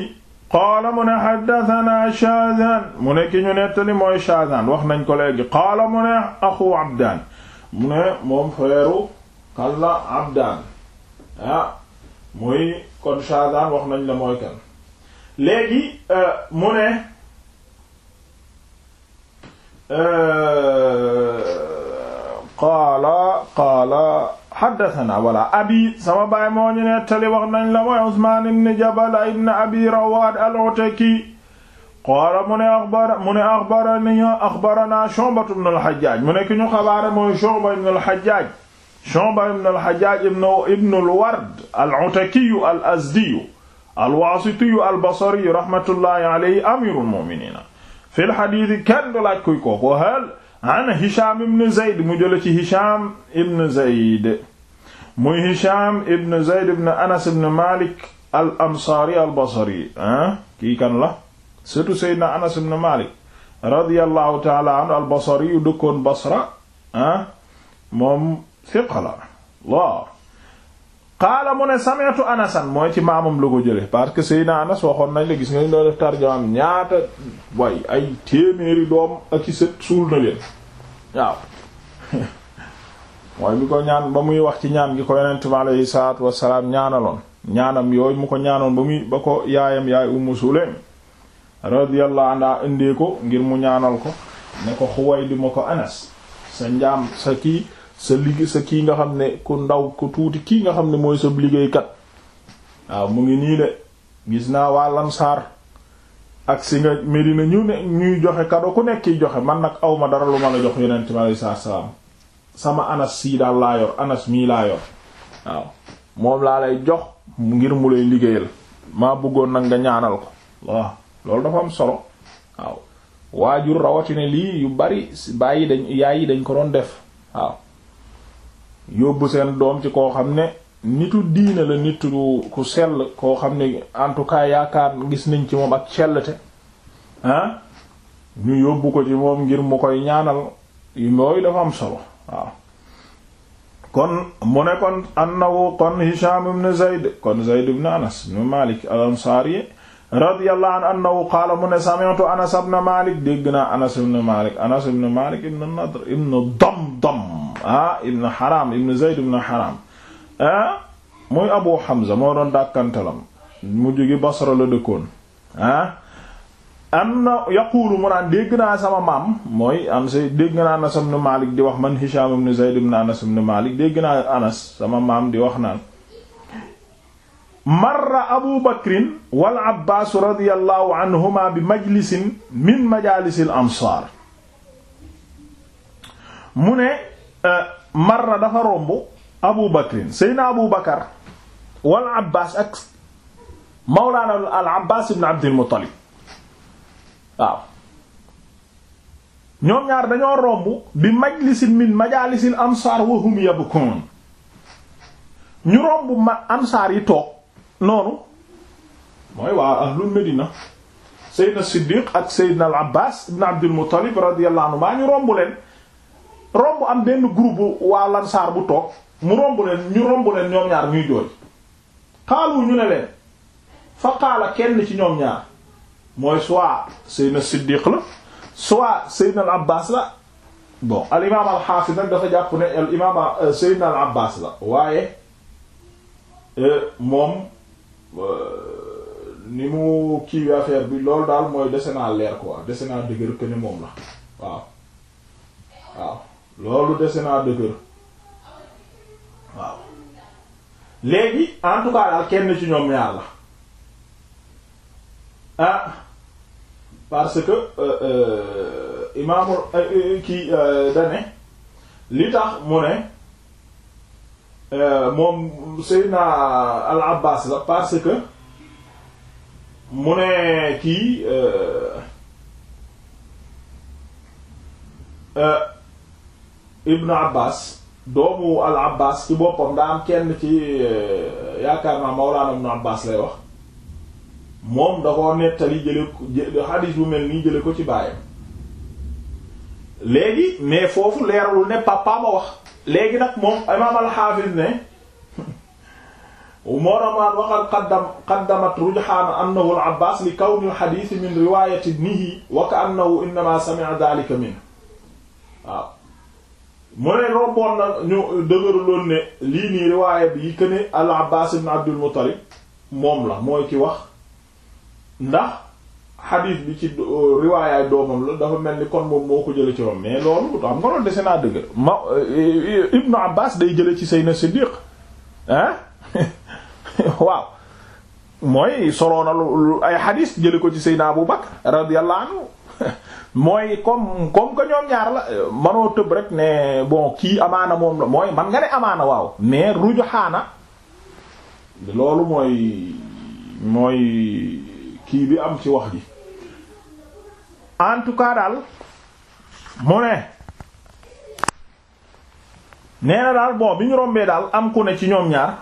qaala mu ne xaddasanaa shaazaan mu nettali mooy shaazaan wax nañ ko léegi qaala mu axu abdaan mu moom feeru kalla abdaan ah kon shaazaan wax nañ la mooy kan léegi euh, mu Euh, qaala qaala xaddathana wala abi sama baay moo ñu nettali wax nañ la mooy Usmaan ibn Jabal ibn Abi Rawaad al-Utaki qaala mu ne axbara mu ne axbarani axbarana Shu'ba ibn al-Hajjaaj mu ne ki ñu xabaare mooy Shu'ba ibn al-Hajjaaj Shu'ba ibn al-Hajjaaj ibn al-Ward al-Utaki al-Azdi al-Waasiti al-Basri rahmatullahi alayhi amiirul mu'miniin fi lxaditi kenn du laaj kuy kooku waxal an Hisham ibn Zayd mu jële ci Hisham ibn Zayd muy Hisham ibn Zayd ibn Anas ibn Malik al ansaari al basri ah kii kan la surtout Seydina Anas ibn Malik radiyallahu taala anhu al basri yu dëkkoon Basra ah moom fiqa la waaw qaala mu ne sami'tu anasan mooy ci maamam la ko jële parce que Seydina Anas waxoon nañ la gis nga ñu doom ak i sët na leen waaw mooy bi ko ñaan ba muy wax ci ñaan gi ko yonent bi alayhi salaatu wassalaam ñaanaloon ñaanam yooyu mu ko ñaanoon ba muy ba ko yaayam yaay Ummu Sulaym radiyallahu anha indee ko ngir mu ñaanal ko ne ko Xuwaylid ma ko Anas sa njaam sa kii sa liggéey sa kii nga xam ne ku ndaw ku tuuti kii nga xam ne mooy sa liggéeykat waaw mu ngi nii de gis naa waa Lansar ak si nga Medina ñuy joxe kado ku nekk kiy joxe man nag awma dara lu ma la jox yonent mi alayhi salaam sama anas sii daal laa yor anas mii laa yor waaw moom laa lay jox ngir mu lay liggéeyal maa bëggoon nag nga ñaanal ko waaw loolu dafa am solo waaw waajur rawatina lii yu bari bàyyi dañ yaay yi dañ ko doon def waaw yóbbu seen doom ci koo xam ne nitu diine la nitu ku sell koo xam ne en tout cas yaakaar gis nañ ci moom ak sellte ah ñu yóbbu ko ci moom ngir mu koy ñaanal yooyu dafa am solo waaw kon mu ne kon annahu kon Hisham ibn Zayd kon Zayd ibn Anas ibn Malik al-Ansari radiyallahu anhu annahu qaala mu ne sami'tu anas ibn malik dégg naa anas ibn malik anas ibn malik ibn nadr ibn damdam ah, haram ah, muy abu hamza moo doon dàkkantalam mu jóge basra la dëkkoon ah am na yaquulu mu naan dégg naa sama maam mooy anas dégg naa anas ibn malik di wax man hisham ibn zayd ibn anas ibn malik dégg naa anas sama maam di wax naan marra abu bakrin wal abbaasu radiyallahu anhuma bi majlisin min majaalisil ansaar mu ne eh, marra dafa romb abu bakrin seydna abu bakar wal abbaas ak mawlaana al abbaas ibn abdil muttalib waaw ñoom ñaar dañoo romb bi majlisin min majaalisil ansaar wa hum yabkuun ñu romb ma ansaar yi toog noonu mooy waa ahlul Medina Seydina Siddiq ak Seydina al Abbas ibn Abdul Muttalib radiyallahu anhu baa ñu romb leen romb am benn groupe waa lansaar bu toog mu romb leen ñu romb leen ñoom ñaar ñuy jooy xaalu ñu ne leen fa qaala kenn ci ñoom ñaar mooy soit Seydina Siddiq la soit Seydina al Abbas la bon al imaam al xaafis nag dafa jàpp ne al imaam euh, Seydina al Abbas la waaye euh, moom ni mu kii affaire bi loolu daal mooy dese naa leer quoi dese naa dëgër que ne moom la waaw waaw loolu dese naa dëgër waaw léegi en tout cas daal kenn ci ah. parce que euh, euh, imaamul euh, kii dane li tax mu Euh, moom Seydina al Abbas la parce que mu ne kii euh, euh, Ibnu Abbas doomu al Abbas ci boppam daa am kenn ci yaakaar naa Mawlaana Ibnu Abbas lay wax moom da ko nettali jële ko xadiis bu mel nii jële ko ci baayam léegi mais foofu leerul ne papa ma wax léegi nag moom imaam alxaafis ne mooramaan waxal qaddam qaddamat rujxaana annahu al abbas li kawni al xadiis min riwaayati ibnihi wa ka annahu innama sami'a daalika min waaw mu ne romboon na ñu dëgëruloon ne lii nii riwaaya bi que ne al abbas ibn abdul muttalib moom la mooy ki wax ndax xadiis bi ci euh, riwaayaay doomam la dafa mel ni kon moom moo ko jële ci moom mais loolu xam nga loolu dese naa dëgg ma euh, Ibnu day jële ci Seydina Siddiq ah waaw mooy soloona lu ay xadiis jële ko ci Seydina Abu Bakr radiyallahu anhu mooy comme comme que ñoom ñaar la manoo tëb rek ne bon kii amaana moom la mooy man nga ne amaana waaw mais rujuxaana loolu mooy mooy kii bi am ci wax ji en tout cas daal mu ne nee na daal bon bi ñu rombee daal am ku ne ci ñoom ñaar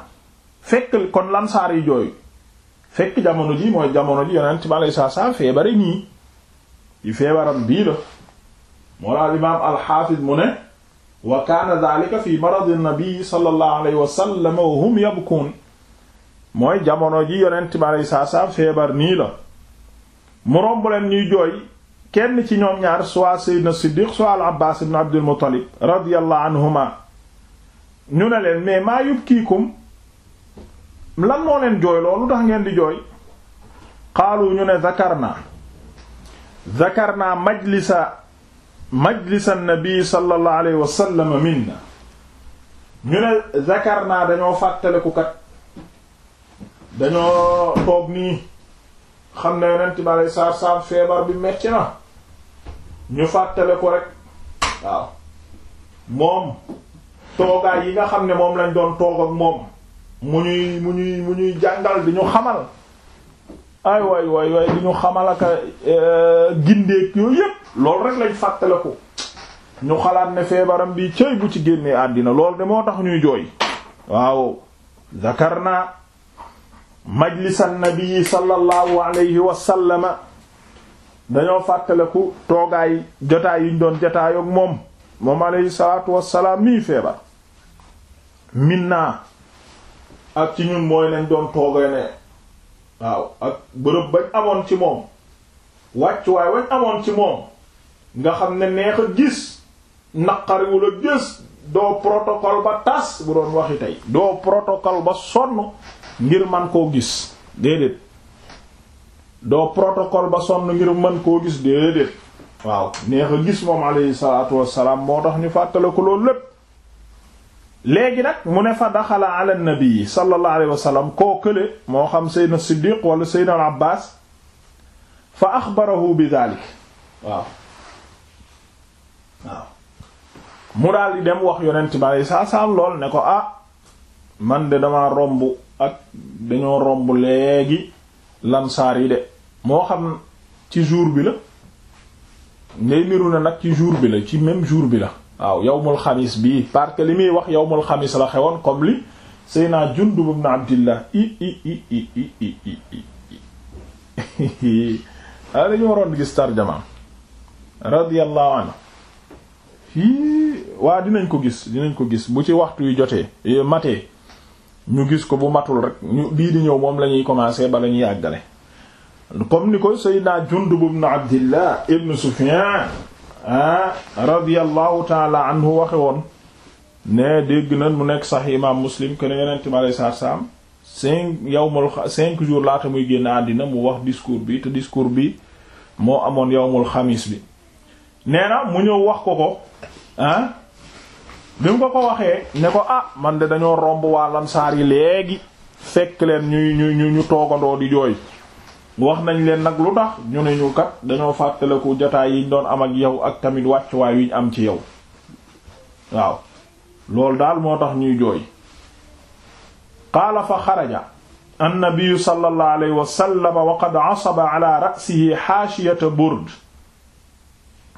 fekk kon lansaar yi jooy fekk jamono ji mooy jamono ji yonent bi alayhi nii yi feebaram bii la moo daal imaam alxaafiz mu ne wa kaana daalika fi maradi mooy jamono ji yonent bi alayhi salaam feebar nii la mu romb ñuy jooy kenn ci ñoom ñaar soit Seydina Siddiq soit al Abbaas ibn Abdul Muttalib radiyallahu anhuma ñu ne leen mais maa yubkiikum lan moo leen jooy loolu tax ngeen di jooy qaalu ñu ne zakarna zakarna majlisa majlisa nabi sallallahu alayhi wa sallam minna ñu ne zakarna dañoo fàttaleku kat dañoo toog nii xam ne yonent bi alei saatu salaam feebar bi metti na ñu fàttale ko rek waaw moom toogaay yi nga xam ne moom lañ doon toog moom mu ñuy mu ñuy mu ñuy jàngal bi ñu xamal ay waay waay waay di ñu xamal ak eh, gindeek yooyu yépp loolu rek lañ fàttale ko ñu xalaat ne feebaram bi cëy bu ci génnee àddina lool de moo tax ñuy jooy waaw zakarna majlis an nabi sallallahu alayhi wa sallama dañoo fàttaleku toogaay jotaay yi ñu doon jotaayook moom moom alayhi salaatu wassalaam mii feebar min naa ak ci ñun mooy nañ doon toogee ne waaw ak bërëb bañ amoon ci moom wàccuwaay wañ amoon ci moom nga xam ne neex a gis naqariwul a gis doo protocole ba tas bu doon waxi tey doo protocole ba sonn ngir man koo gis déedéet doo protocole ba sonn ngir mën koo gis déedéet waaw neex a gis moom alayhi salaatu wassalaam moo tax ñu fàttale ko loolu lépp léegi nag mu ne fa daxala ala nabii sallallahu alayhi wa koo kële moo xam seydna siddiq wala seydna al abbas fa axbarahu bi daalik waaw mu daal dem wax yonent bi alayhi salaatu lool ne ko ah man de dama romb ak dañoo romb léegi lansaar yi de moo xam ci jour bi la ngay niru na nag ci jour bi la ci même jour bi la waaw yawmul xamis bii parce li muy wax yawmul xamis la xewoon comme li Seydina Jundub ibn Abdillah i i i waroon gis tarjama radiyallahu anhu fii waa dinañ ko gis dinañ ko gis bu ci waxtu yu jotee eh, matee ñu gis ko bu matul rek ñu bii di ñëw moom la ñuy commencer ba la ñuy àggale comme ni ko Seydina Jundub ibn Abdillah ibn Sufyan ah radiyallahu taala anhu waxe woon ne dégg na mu nekk sax imam Muslim que ne yonent mi alayhi salaatu salaam cinq yawmul cinq jours laata muy génn àddina mu wax discours bi te discours bi moo amoon yawmul xamis bi nee na mu ñëw wax ko ko ah bi mu ko ko waxee ne ko ah man de dañoo romb waa Ansaar yi léegi fekk leen ñuy ñu ñu toogandoo di jooy wax nañ leen nag lu tax ñu ne kat dañoo fàttaliku jotaay yiñ doon am ak yow ak tamit wàccuwaay yuñ am ci yow waaw daal moo tax ñuy jooy qaala fa xaraja annabiyu sallallahu alayhi wa sallam wa qad asaba ala ra'sihi haashiyata burd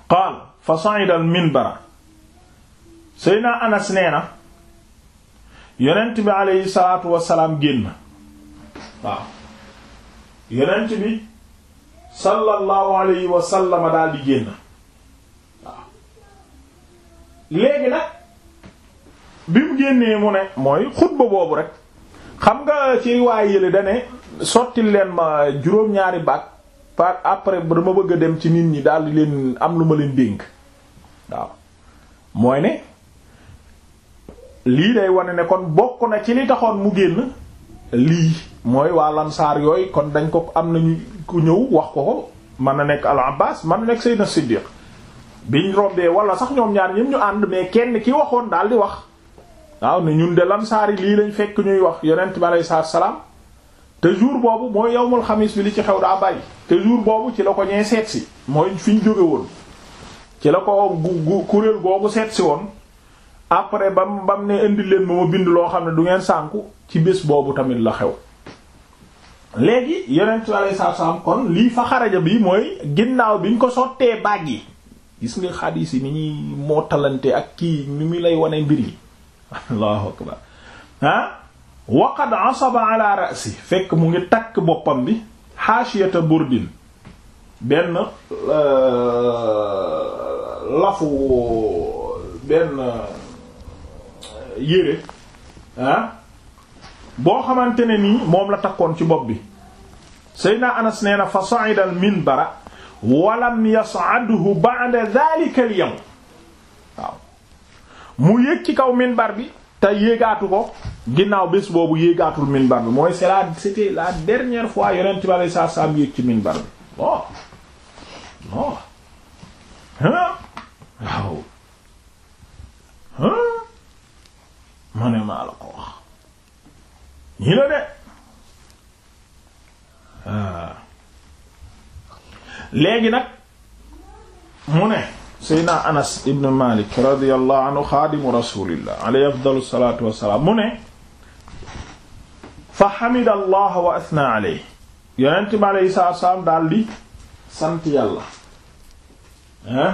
qaala fa sa'ida al minbara seyna anas nee na yonent bi alayhi salaatu wasalaam génn yonent bi sallallahu alayhi wa sallama daal di génn waaw léegi nag bi mu génnee mu ne mooy xutba boobu rek xam nga ci riwaay yële da ne sotti leen ma juróom-ñaari baat par après dama bëgg a dem ci nit ñi daal di leen am lu ma leen dénk waaw mooy ne lii day wane ne kon bokk na ci li taxoon mu génn lii. mooy waa Ansaar yooyu kon dañ ko am nañu ku ñëw wax ko ko mën na nekk al-Abbaas man na nekk Seydina Siddiq biñ rombee wala sax ñoom ñaar ñëpp ñu ànd mais kenn ki waxoon daal di wax waaw ne ñun de Ansaar yi lii lañ fekk ñuy wax yonent bi alayhi salaam te jour boobu mooy yawmul xamis bi li ci xew daa bari te jour boobu ci la ko ñee seet si mooy fi ñu jóge woon ci la ko gu kuréel googu seet si woon après bam bam ne indi leen ma ma bind loo xam ne du ngeen sànku ci bés boobu tamit la xew léegi yeneen bi alayhi salaatu kon lii fa xaraja bi mooy ginnaaw bi ñu ko sottee baag yi gis nga xadiis yi ni ñuy mootalante ak kii ni mu lay wane mbir yi allahu akbar ah? asaba ala fekk mu ngi takk boppam bi xaashiyata burdin benn euh, lafu benn euh, yére ah? boo xamante ne nii moom la takkoon ci bopp bi Seydina Anas nee na fa sa'ida al minbara walam yas'adhu ba'da dhalika mu yéeg ci kaw minbar bi te yéegaatu ko ginnaaw bés boobu yéegaatul minbar bi mooy c'est la c'était la dernière fois yonent bi alei saatu salaam ci minbar bi bon bon waaw ma ne maa la ko wax ñii la de ah. léegi nag mu ne seydna anas ibn malik radiyallahu anhu xaadimu rasulillah alayhi afdalu salatu wassalaam mu ne fa xamida allaha wa athna alayhi yonent bi alayhi salaatu salaam daal di sant yàlla ah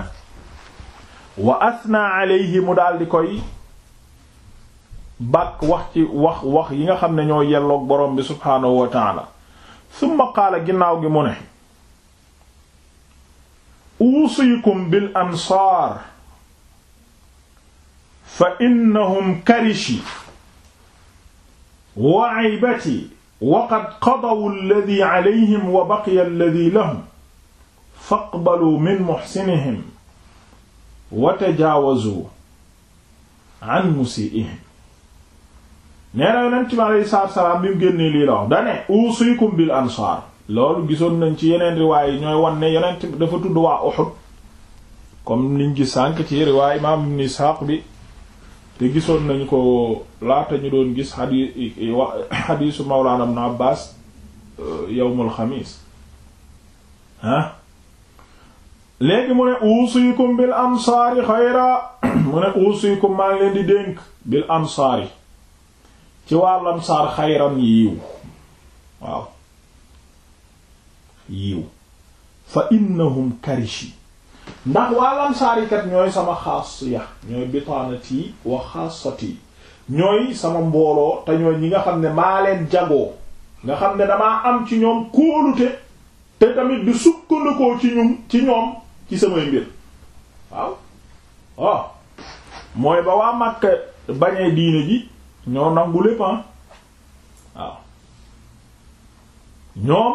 wa athna alayhi mu daal di koy bàkk wax ci wax wax yi nga xam ne ñoo yelloog borom bi subhaanahu wa taala summa qaala ginnaaw gi mu ne uusikum bil ansaar fa innahum karishi wa aybati wa qad qadaw alladhi alayhim wa baqiya alladhi lahum faqbalu min muhsinihim wa tajaawazu an musiihim nee na yonent bi aleyhi salaatu salaam bi mu génnee lii la wax dane usikum bil ansaar loolu gisoon nañ ci yeneen riwaay yi ñooy wan ne dafa tudd waa Uhud comme liñ gis sànk ci riwaay imaam ibn Isxaaq bi te gisoon nañu ko laata ñu doon gis xadi xadiisu Mawlaana ibn Abbaas euh, yawmul xamiis ah léegi mu ne uusikum bil ansaari xayra mu ne uusikum maa leen di dénk bil ansaari ci waa lamsaar xayran yiiw waaw yiiw fa innahum karishi ndax waa lamsaar yi kat ñooy sama xaas ya ñooy bitaanati wa xaasati ñooy sama mbooloo te ñooy ñi nga xam ne maa leen jagoo nga xam ne damaa am ci ñoom kóolute te tamit di sukkandikoo ci ñum ci ñoom ci samay mbir waaw waaw oh. mooy ba waa Makka bañee diine ji ñoo nangu lépp ah waaw ñoom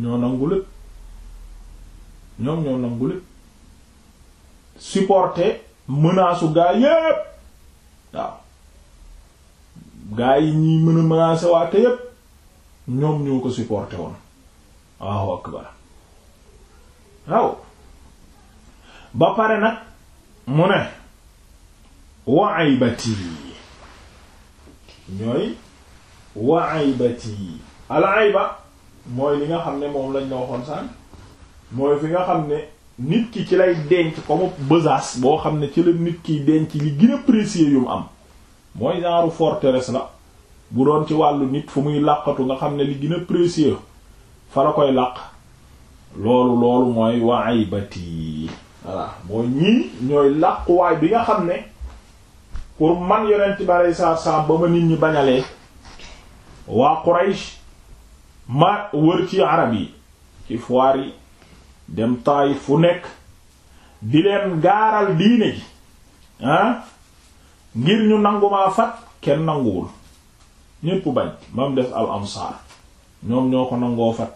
ñoo nangu lépp ñoom ñoo nangu lépp supporter menace gaa yépp waaw gaa yi ñi mën a menacer waate yépp ñoom ñoo ko supporter woon waaw akbar waaw ba pare nag mu ne wa aybati ñooy wa aybati al ayba mooy li nga xam ne moom lañ la waxoon sànq mooy fi nga xam ne nit ki ci lay denc comme besace boo xam ne ci la nit kiy denc li gën a précieux am mooy genre forteresse la bu doon ci wàllu nit fu muy làqatu nga xam ne li gën a précieux fa la koy làq loolu loolu mooy wa aybati voilà mooy ñii ñooy làquwaay bi nga xam ne pour man yonent bi aleyhi salaatu ba ma nit ñi bañalee waa Quraysh ma wër ci arab yi ci foire dem Taayif fu nekk di leen gaaral diine ji ah, ngir ñu nangu fat kenn nanguwul ñépp bañ mam def al ansaar ñoom ñoo ko nangoo fat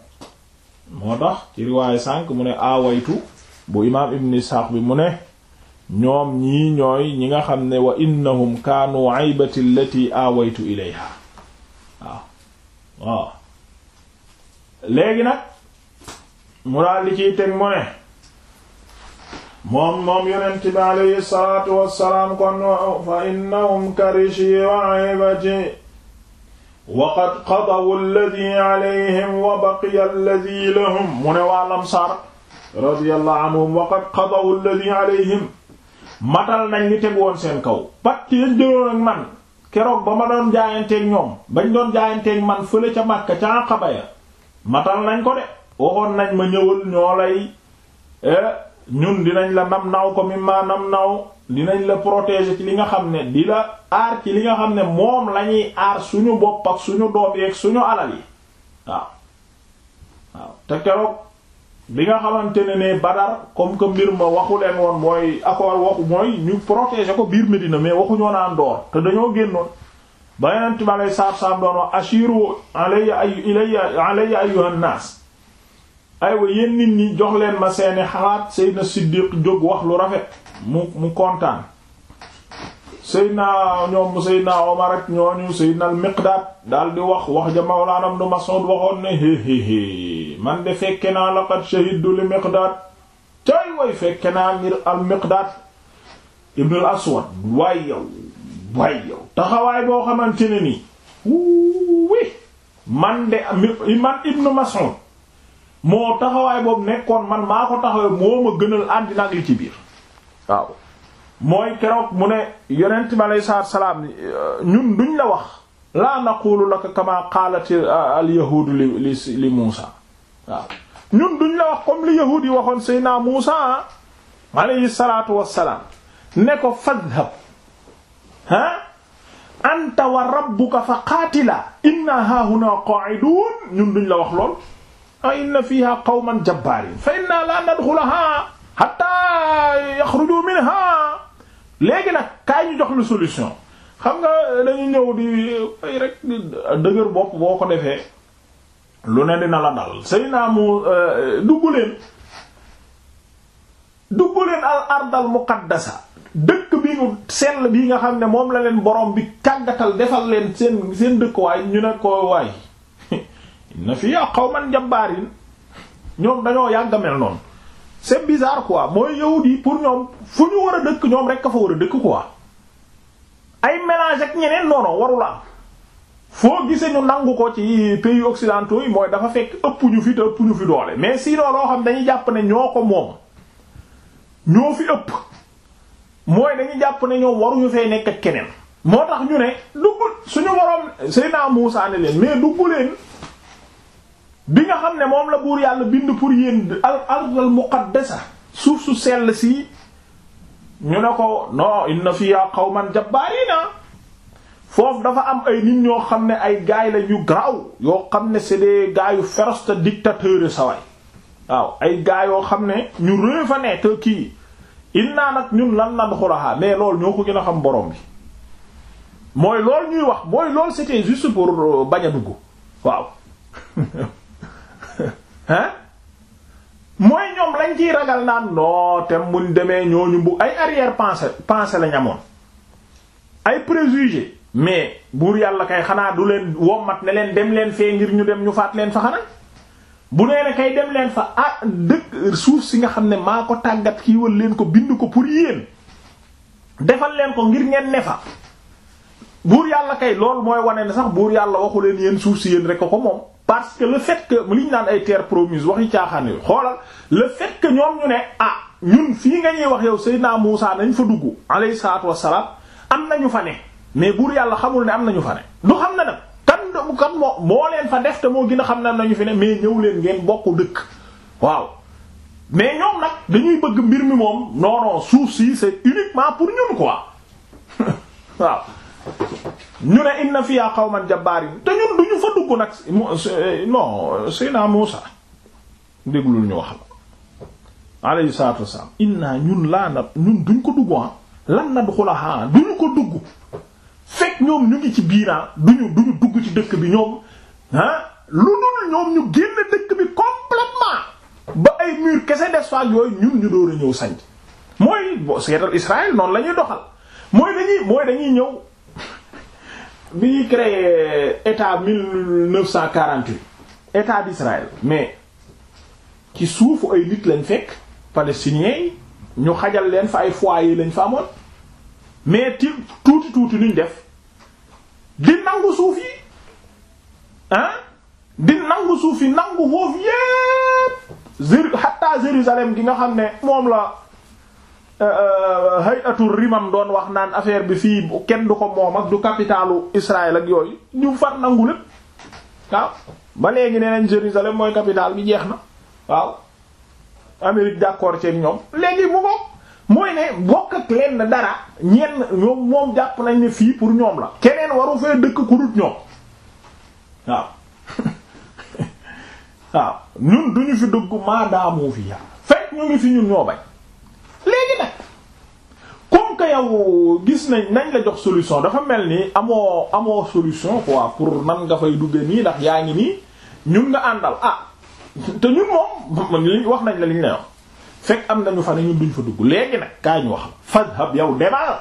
moo tax ci riwaaye sànq mu ne awaytu bu imaam ibn Isaaq bi mu ne ñoom ñii ñi nga xam ne wa innahum kaanu aybati allati awaytu ilayha waaw waaw mu daal li ciy teg mu moom moom yonent bi alayhi salaatu wassalaam kon fa innahum karishi wa aybati wa qad qadawu alladhi alayhim wa baqiya alladhi lahum waa lamsaar radiyallahu anhum wa qad qadawu alladhi alayhim matal nañ ñu teg woon seen kaw pacte yañ jëloon ak man keroog ba ma doon jaayanteeg ñoom bañ doon jaayanteeg man fële ca Makka ca Aqaba ya matal nañ ko de waxoon nañ ma ñëwal ñoo lay eh, ñun dinañ la nam naw ko mi ma nam naw dinañ la protéger ci li nga xam ne di la aar ci li nga xam ne moom lañuy aar suñu bopp ak suñu doom yeeg suñu alal yi waaw waaw te keroog bi nga xamante ne ne Badar comme que mbir ma waxu leen woon mooy accord waxu mooy ñu protéger ko biir Medina mais waxuñoo naan door te dañoo génnoon ba yeneen ma lay saab-saab doon wax ashiru alayya ay ilayya alayya ayyuhan nas aywa yéen nit ñi jox leen ma seeni xalaat Seydina Siddiq jóg wax lu rafet mu mu kontaan Seydina ñoom Seydina Omar ak ñooñu Seydina al-Miqdaad daal di wax wax ja Mawlaana Ibn Mas'ud waxoon ne héhéhé man de fekke naa laqad shahidtu li Miqdaad tey way fekke naa ngir al-Miqdaad aswad waay yow taxawaay boo xamante nii wi man de man Ibn Mas'ud moo taxawaay boobu nekkoon man maa ko taxawee moo gënal àddina ak ci biir mooy keroog mu ne yonent bi aleyhi salaatu salaam ñun duñ la wax laa naqulu laka kama qaalat al yahuud li li Muusa waaw ñun duñ la wax comme li yahuud yi waxoon Seydina Muusa aleyhi salaatu wassalaam ne ko fadhab ha anta wa rabbuka fa qaatila inna haahuna qaa'iduun ñun duñ la wax lool a inna fiiha qawman jabbaariin fa inna la nadxulaha hatta yaxruju minha léegi nag kaay ñu jox la solution xam nga euh, dañu ñëw di rek euh, dëgër bopp boo ko defee lu ne dina la dal sëy naa mu euh, dugg leen dugg leen al ardal muqaddasa dëkk bi ñu sell bi nga xam ne moom la leen borom bi kàggatal defal leen seen seen dëkkuwaay ñu ne ko waay na fi yaa qawman jabbaarin ñoom dañoo yàgg a noonu c'est bizarre quoi mooy yahud yi pour ñoom fu ñu war a dëkk ñoom rek a fa war a dëkk quoi ay mélange ak ñeneen noono warul am foo gisee ñu nangu ko ci pays occidentaux mooy dafa fekk ëpp ñu fi te ëpp ñu fi doole mais sinon loo xam dañuy jàpp ne ñoo ko moom ñoo fi ëpp mooy dañuy jàpp ne ñoom waruñu fay nekk ak keneen moo tax ñu ne dugg suñu waroom Seydina Muusaa ne leen mais dugg leen bi nga xam ne moom la buur yàlla bind pour yéen al ard al muqaddasa suuf su sell si ñu ne ko non inna fiya qawman jabbaarina foofu dafa am ay nit ñoo xam ne ay gaay la yu garaaw yoo xam ne c'est des gars yu féroces te dictateurs saway waaw ay gaay yoo xam ne ñu réefa ne te kii inna nag ñun lan nan xulaxaa mais loolu ñoo ko gën a xam borom bi mooy loolu ñuy wax mooy lool c'était juste pour bañ a dugg waaw ah mooy ñoom lañ ciy ragal naan non te muñ demee ñoo ñooñu bu ay arrière pensée pensée lañ amoon ay préjugés mais buur yàlla kay xanaa du leen wommat ne leen dem leen fee ngir ñu dem ñu faat leen fa xanaa bu nee ne kay dem leen fa ah dëkk suuf si nga xam ne maa ko tàggat kiiwal leen ko bind ko pour yéen defal leen ko ngir ngeen ne fa buur yàlla kay loolu mooy wane ne sax buur yàlla waxu leen yéen suuf si yéen rek ko ko moom. parce que le fait que li ñu naan ay terres promises waxi caaxaan yooyu xoolal le fait que ñoom ñu ne ah ñun fii nga ñuy wax yow Seydina Muusaa nañ fa dugg alayhi salaatu wassalaam am na ñu fa ne mais buur yàlla xamul ne am nañu fa ne du xam ne nag kan kan moo moo leen fa def te moo gën a xam ne am ñu fi ne mais ñëw leen ngeen bokk dëkk waaw mais ñoom nag dañuy bëgg mbir mi moom non suuf si c'est uniquement pour ñun quoi waaw ñu ne inna fiyaa qawman jabbaarin te ñun duñu fa dugg nag non sayna Muusa déglul ñu wax la alayhi salaatu wassalaam inna ñun laa na ñun duñ ko dugg ah lan nadxulahaa duñu ko dugg fekk ñoom ñu ngi ci biiraa ah. duñu duñu dugg ci dëkk bi ñoom ah lu dul ñoom ñu génn dëkk bi complètement ba ay mur kese des faak yooyu ñun ñu door a ñëw sanc mooy seetal Israël noonu lañuy ñuy doxal mooy dañuy mooy dañuy ñëw bi ñuy créé état mil neuf cent quarante-huit état d'Israël mais ci suufu ay nit lañ fekk palestiniens yi ñu xajal leen fa ay foyer lañ fa amoon mais ti tuuti tuuti nuñ def di nangu suuf yi ah di nangu suuf yi nangu foofu yépp xatta Jérusalem gi nga xam ne moom la Euh, euh, hayatul rimam doon wax naan affaire bi fii bu kenn du ko moom ak du capitalu Israël ak yooyu ñu far nangu lépp waaw ba léegi nee nañ Jérusalem mooy capitale bi jeex na waaw Amérique d'accord ceeg ñoom léegi bu ko mooy ne bokk ak lenn dara ñenn ñoom moom jàpp nañ ne fii pour ñoom la keneen waru fee dëkk ku ñoom waaw waaw ñun duñu fi dugg maadaamu fi ya fekk ñu ngi fi ñun ñoo bañ léegi nag comme que gis nañ nañ la jox solution dafa mel ni amoo amoo solution quoi pour nan nga fay dugge nii ndax yaa ngi nii ñun nga àndal ah te ñun moom li wax nañ la li ñu lay wax fekk am nañu fa ne ñun duñ fa dugg léegi nag kaa ñu wax fadhab yow demal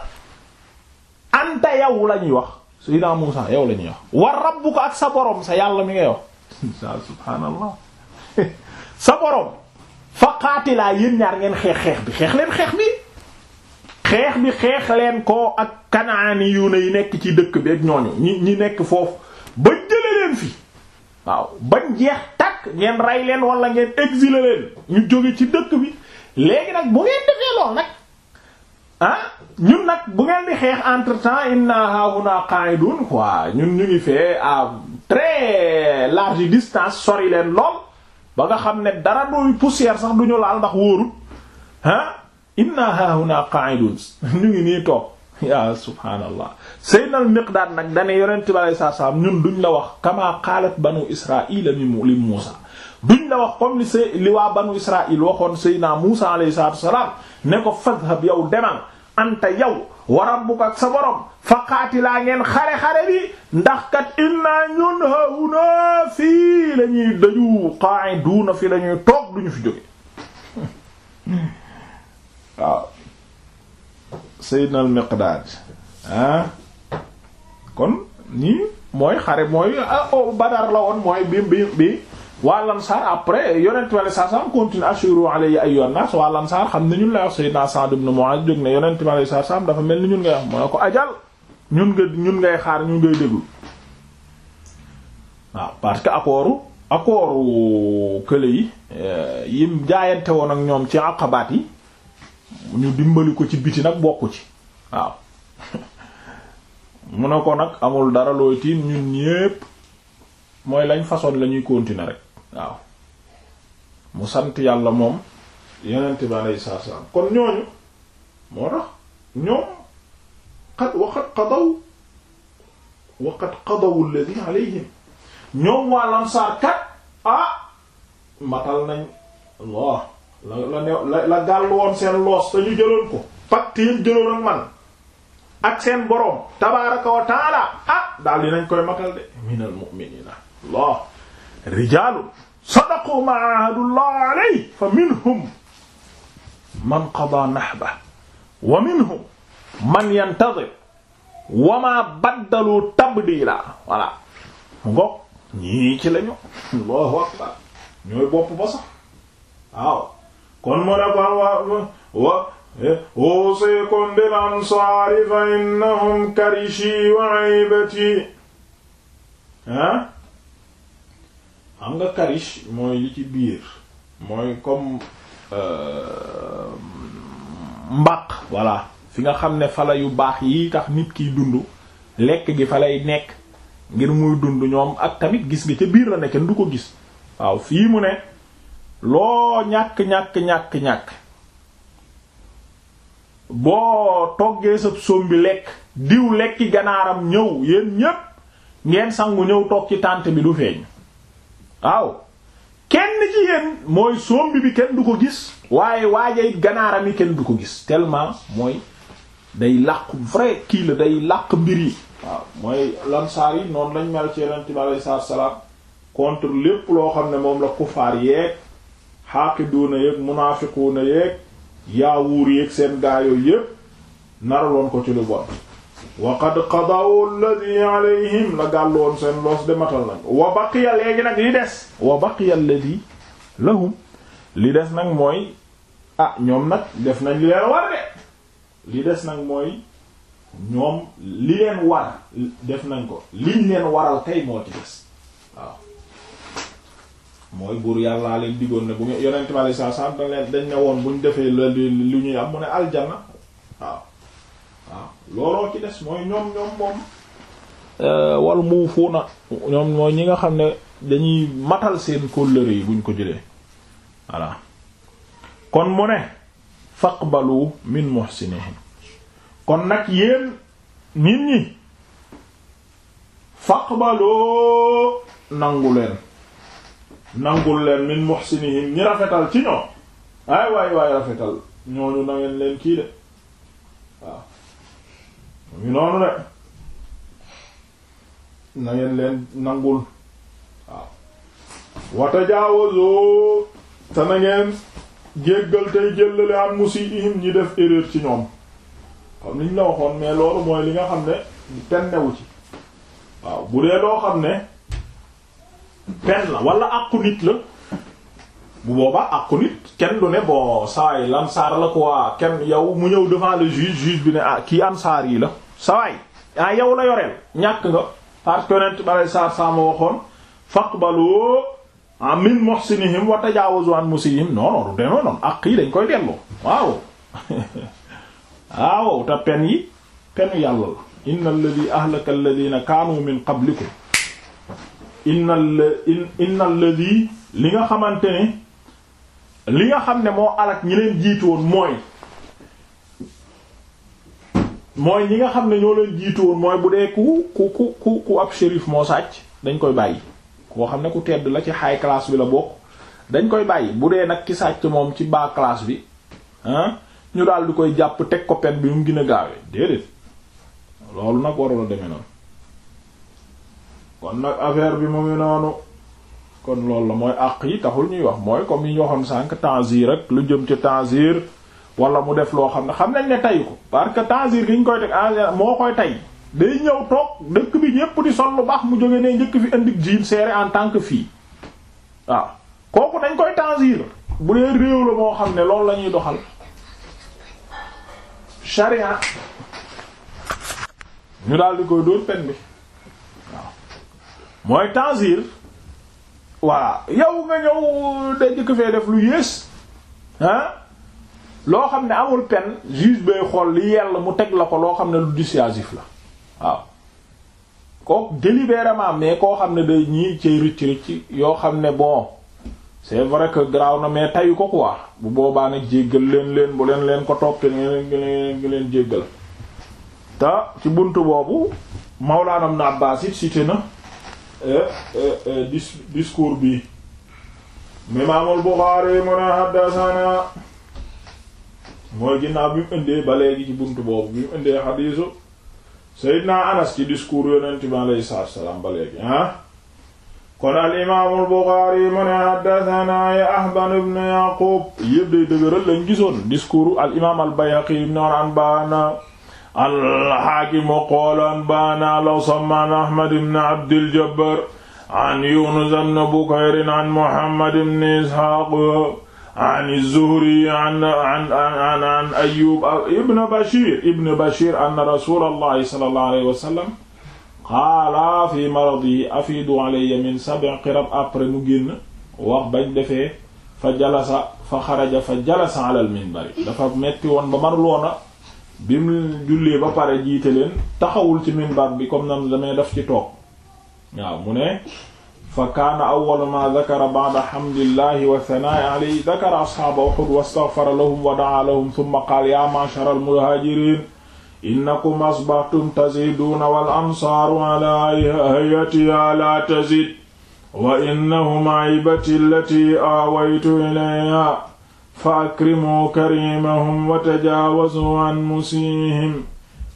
anta yow la ñuy wax sayyidina Muusa yow la ñuy wax wa rabbuka ak sa borom sa yàlla mi ngay wax subhaanallah sa borom fa qaatilaa ñaar ngeen xeex xeex bi xeex leen xeex bi xeex leen ko ak kanaani yu ne yi nekk ci dëkk bi ak ñooñu ñi ñi nekk foofu ba jële leen fi waaw bañ jeex takk ngeen rey leen wala ngeen exiler leen ñu jóge ci dëkk bi léegi nag bu ngeen defee lool nag ah ñun nag bu ngeen di xeex entre temps inna haahuna qa'idun quoi ñun ñu ngi fee à très large distance sori leen lool ba nga xam ne dara doy poussière sax du ñu la ndax wóorul ah inna hahuna qa'idun ñu ngi nii toog ya subhaanallah sayyidna al miqdaad nag dane yonent bi alei satu salaam ñun duñ la wax kama qalat banu israila mi li muusa duñ la wax comme li sa li waa banu israil waxoon sayyidna muusa alayhi ne ko fadhab yow demal anta yow wa rabbuka ak sa borom fa qaatilaa ngeen xare-xare bi ndax kat inna ñun hahuna fii la daju qa'iduna fii la ñuy toog duñu fi jóge waaw sayyidna al miqdad ah. kon nii mooy xare mooy ah, oh, badar la woon mooy bi bi bi waa Lansaar après yonent bi saa saam continue ashiru alayya ayyuhan naas waa Lansaar xam ne ñun lay wax Sayyidina Sa'd ibn Mu'adh jóg ne yonent bi saa saam dafa mel ni ñun ngay wax mu ñun nga ñun ngay xaar ñun ngay déglu waaw parce que accordu accordu kële yi euh, yim jaayante woon ak ñoom ci aqabaat yi ñu dimbali ko ci biti nag bokku ci waaw mu ne ko nag amul dara looy tiim ñun ñépp mooy lañ façon la ñuy continuer rek waaw mu sant yàlla moom yonent bi alayhi salaatu salaam kon ñooñu moo tax ñoom qad waqad qadaw waqad qadaw alladhi alayhim ñoom waa lamsaar kat ah matal nañ Allah la la la la gàll woon seen loos te ñu jëloon ko pacte yi jëloon ak man ak seen boroom tabaaraka wa taala ah daal dinañ koy matal de minal mu'minina Allah rijaalun sadaqu ma ahadullah alayhi fa minhum man qada nahba wa minhum man yantazir wa ma baddalu tabdila voilà ngo ñii ci lañu allahu akbar ñooy bopp ba sax waaw kon mu ne kon wa wa usikum bil ansaari fa innahum karishi wa aybati ha xam nga karish mooy li ci biir mooy comme euh, mbaq voilà fi nga xam ne fala yu baax yi tax nit kiy dund lekk gi fa lay nekk ngir muy dund ñoom ak tamit gis nga ca biir la nekk kenn du ko gis waaw fii mu ne loo ñàkk-ñàkk-ñàkk-ñàkk boo toggee sab soom lekk diw lekki ganaaram ñëw yéen ñépp ngeen sangu ñëw toog ci tànt bi du feeñ aw kenn ci yéen mooy sombi bi kenn du ko gis waaye waaja it ganaaram yi kenn du ko gis tellement mooy day làq vrai kii la day làq mbir yi waaw mooy lansaar yi noonu lañ mel ci yonent bi alayhi salaatu salaam contre lépp loo xam ne moom la kufaar yeeg xaaqiduuna yeeg na yeeg yaawuur yeeg seen gaayooyu yépp naraloon ko ci lu bon wa qad qadaw alayhim la gàllu woon seen loos de matal nañ wa baqiya léegi nag li des wa baqiya alladhi lahum li des nag mooy ah ñoom nag def nañ li leen war de li des nag mooy ñoom li leen war def nañ ko liñ leen waral tey moo ci des waaw mooy buur yàllaa leen digoon ne bu ñu yonent bi sallallahu alayhi dañ leen dañ ne woon buñ defee lu ñuy am mu ne aljanna looloo ci des mooy ñoom ñoom moom euh, wal muufuuna ñoom ñi nga xam ne dañuy matal seen kóllëre yi buñ ko jëlee voilà kon mu ne faqbalu min muhsinihim kon nag yéen nit ñi faqbaloo nangu leen nangul leen min muhsinihim ñi rafetal ci ñoom ay waay waay rafetal ñooñu na ngeen leen kii de waaw mu ngi noonu de na leen nangul waaw watajaawazu te na ngeen jéggal tey jëllale am musiihim ñi def erreur ci ñoom comme niñ la waxoon mais loolu mooy li nga xam ne pen newu ci waaw bu dee loo xam ne pen la wala àqu nit la bu boobaa àqu nit kenn du ne bon sawaay lansaar la quoi kenn yow mu ñëw devant le juge bi ne ah, kii ansaar yi la sawaay ah la yoreel ñàkk nga parce que yonent saar saama waxoon faqbalu min muhsinihim wa tajaawazu an musihim non non du demee noonu àq yi dañ koy delloo waaw waaw te pen yi penu yàlla la inna alladhi ahlaka alladhina kaanu min qablikum inna inna alladhi li nga xamante ne li nga xam ne moo alak ñi leen jiitu woon mooy mooy ñi nga xam ne ñoo leen jiitu woon mooy bu dee ku ku ku ku ab shérif moo sàcc dañ koy bàyyi koo xam ne ku tedd la ci high class bi la bokk dañ koy bàyyi bu dee nag ki sàcc moom ci bas classe bi ah ñu daal koy jàpp teg ko bi mu gën a gaawee déedéet loolu nag warul a demee kon nag affaire bi mu ngi noonu. kon loolu la mooy àq yi taxul ñuy wax mooy comme yi ñu waxoon sànq tanzir rek lu jëm ci tanzir wala mu def loo xam ne xam nañ ne tay ko parce que tanzir gi ñu koy teg moo koy tey day ñëw toog dëkk bi ñépp di sol lu baax mu jóge ne njëkk fi indi jiin seere en tant que fii kooku dañ koy tanzir bu dee réew la moo xam ne loolu la ñuy doxal charia ñu daal di koy dóor pen bi waaw mooy tanzir waa yow nga ñëw de jëkk fee def lu yées ah loo xam ne amul pen juge bay xool li yell mu teg la ko loo xam ne lu dissuasif la waaw kooku délibérément mais koo xam ne da ñii ci rëcc rëcc yoo xam ne bon c'est vrai que garaaw na mais tayu ko waa bu boobaa nag jéggal leen leen bu leen leen ko toppee leen ngi leen jéggal te ci bunt boobu Mawlaana Ibn Abbaas it cité na Eh, eh, eh, dis discours bi imaamul Buxaari mu ne haddasana mooy ginnaaw bi mu indee ba léegi ci buntu boobu bi mu indee xadiisu Seydina Anas ci discours yonent bi alayhi salaatu wassalaam ba léegi ah kon al imaamul Buxaari mu ne haddasana Yahban ibn Yaqub yëpp day dëgëral lañ gisoon discours al imaam al Bayhaqi ibn Anbana alxaakimu qaala anba'anaa al-Asamm an Ahmad ibn Abdil Jabbar an Yunus ibn Bukayr an Muhammad ibn Isxaaq an az-Zuhri an an an an Ayyuub ibn Bashiir ibn Bashiir anna rasuulallaahi sallallaahu alayhi wa sallam qaala fi maradihi afiidu alayya min sab'i qirab après mu génn wax bañ defee fa jalasa fa xaraja fa jalasa ala al-minbar dafa metti woon ba mar loona bi mu jullee ba pare jiite leen taxawul ci minbar bi comme nam damay def ci toog waaw mu ne fa kaana awwalu ma dakara ba'da hamdillahi wa thanaa'i alayhi dakara ashaaba uhud wa astaghfara lahum wa da'a lahum thumma qaala ya ma'shara al-muhaajiriin innakum asbahtum taziduuna wal ansaaru ala hayatiha la tazid wa innahum aybati allati awaytu ilayha fa akrimuu karimahum wa tajaawazuu an musiihim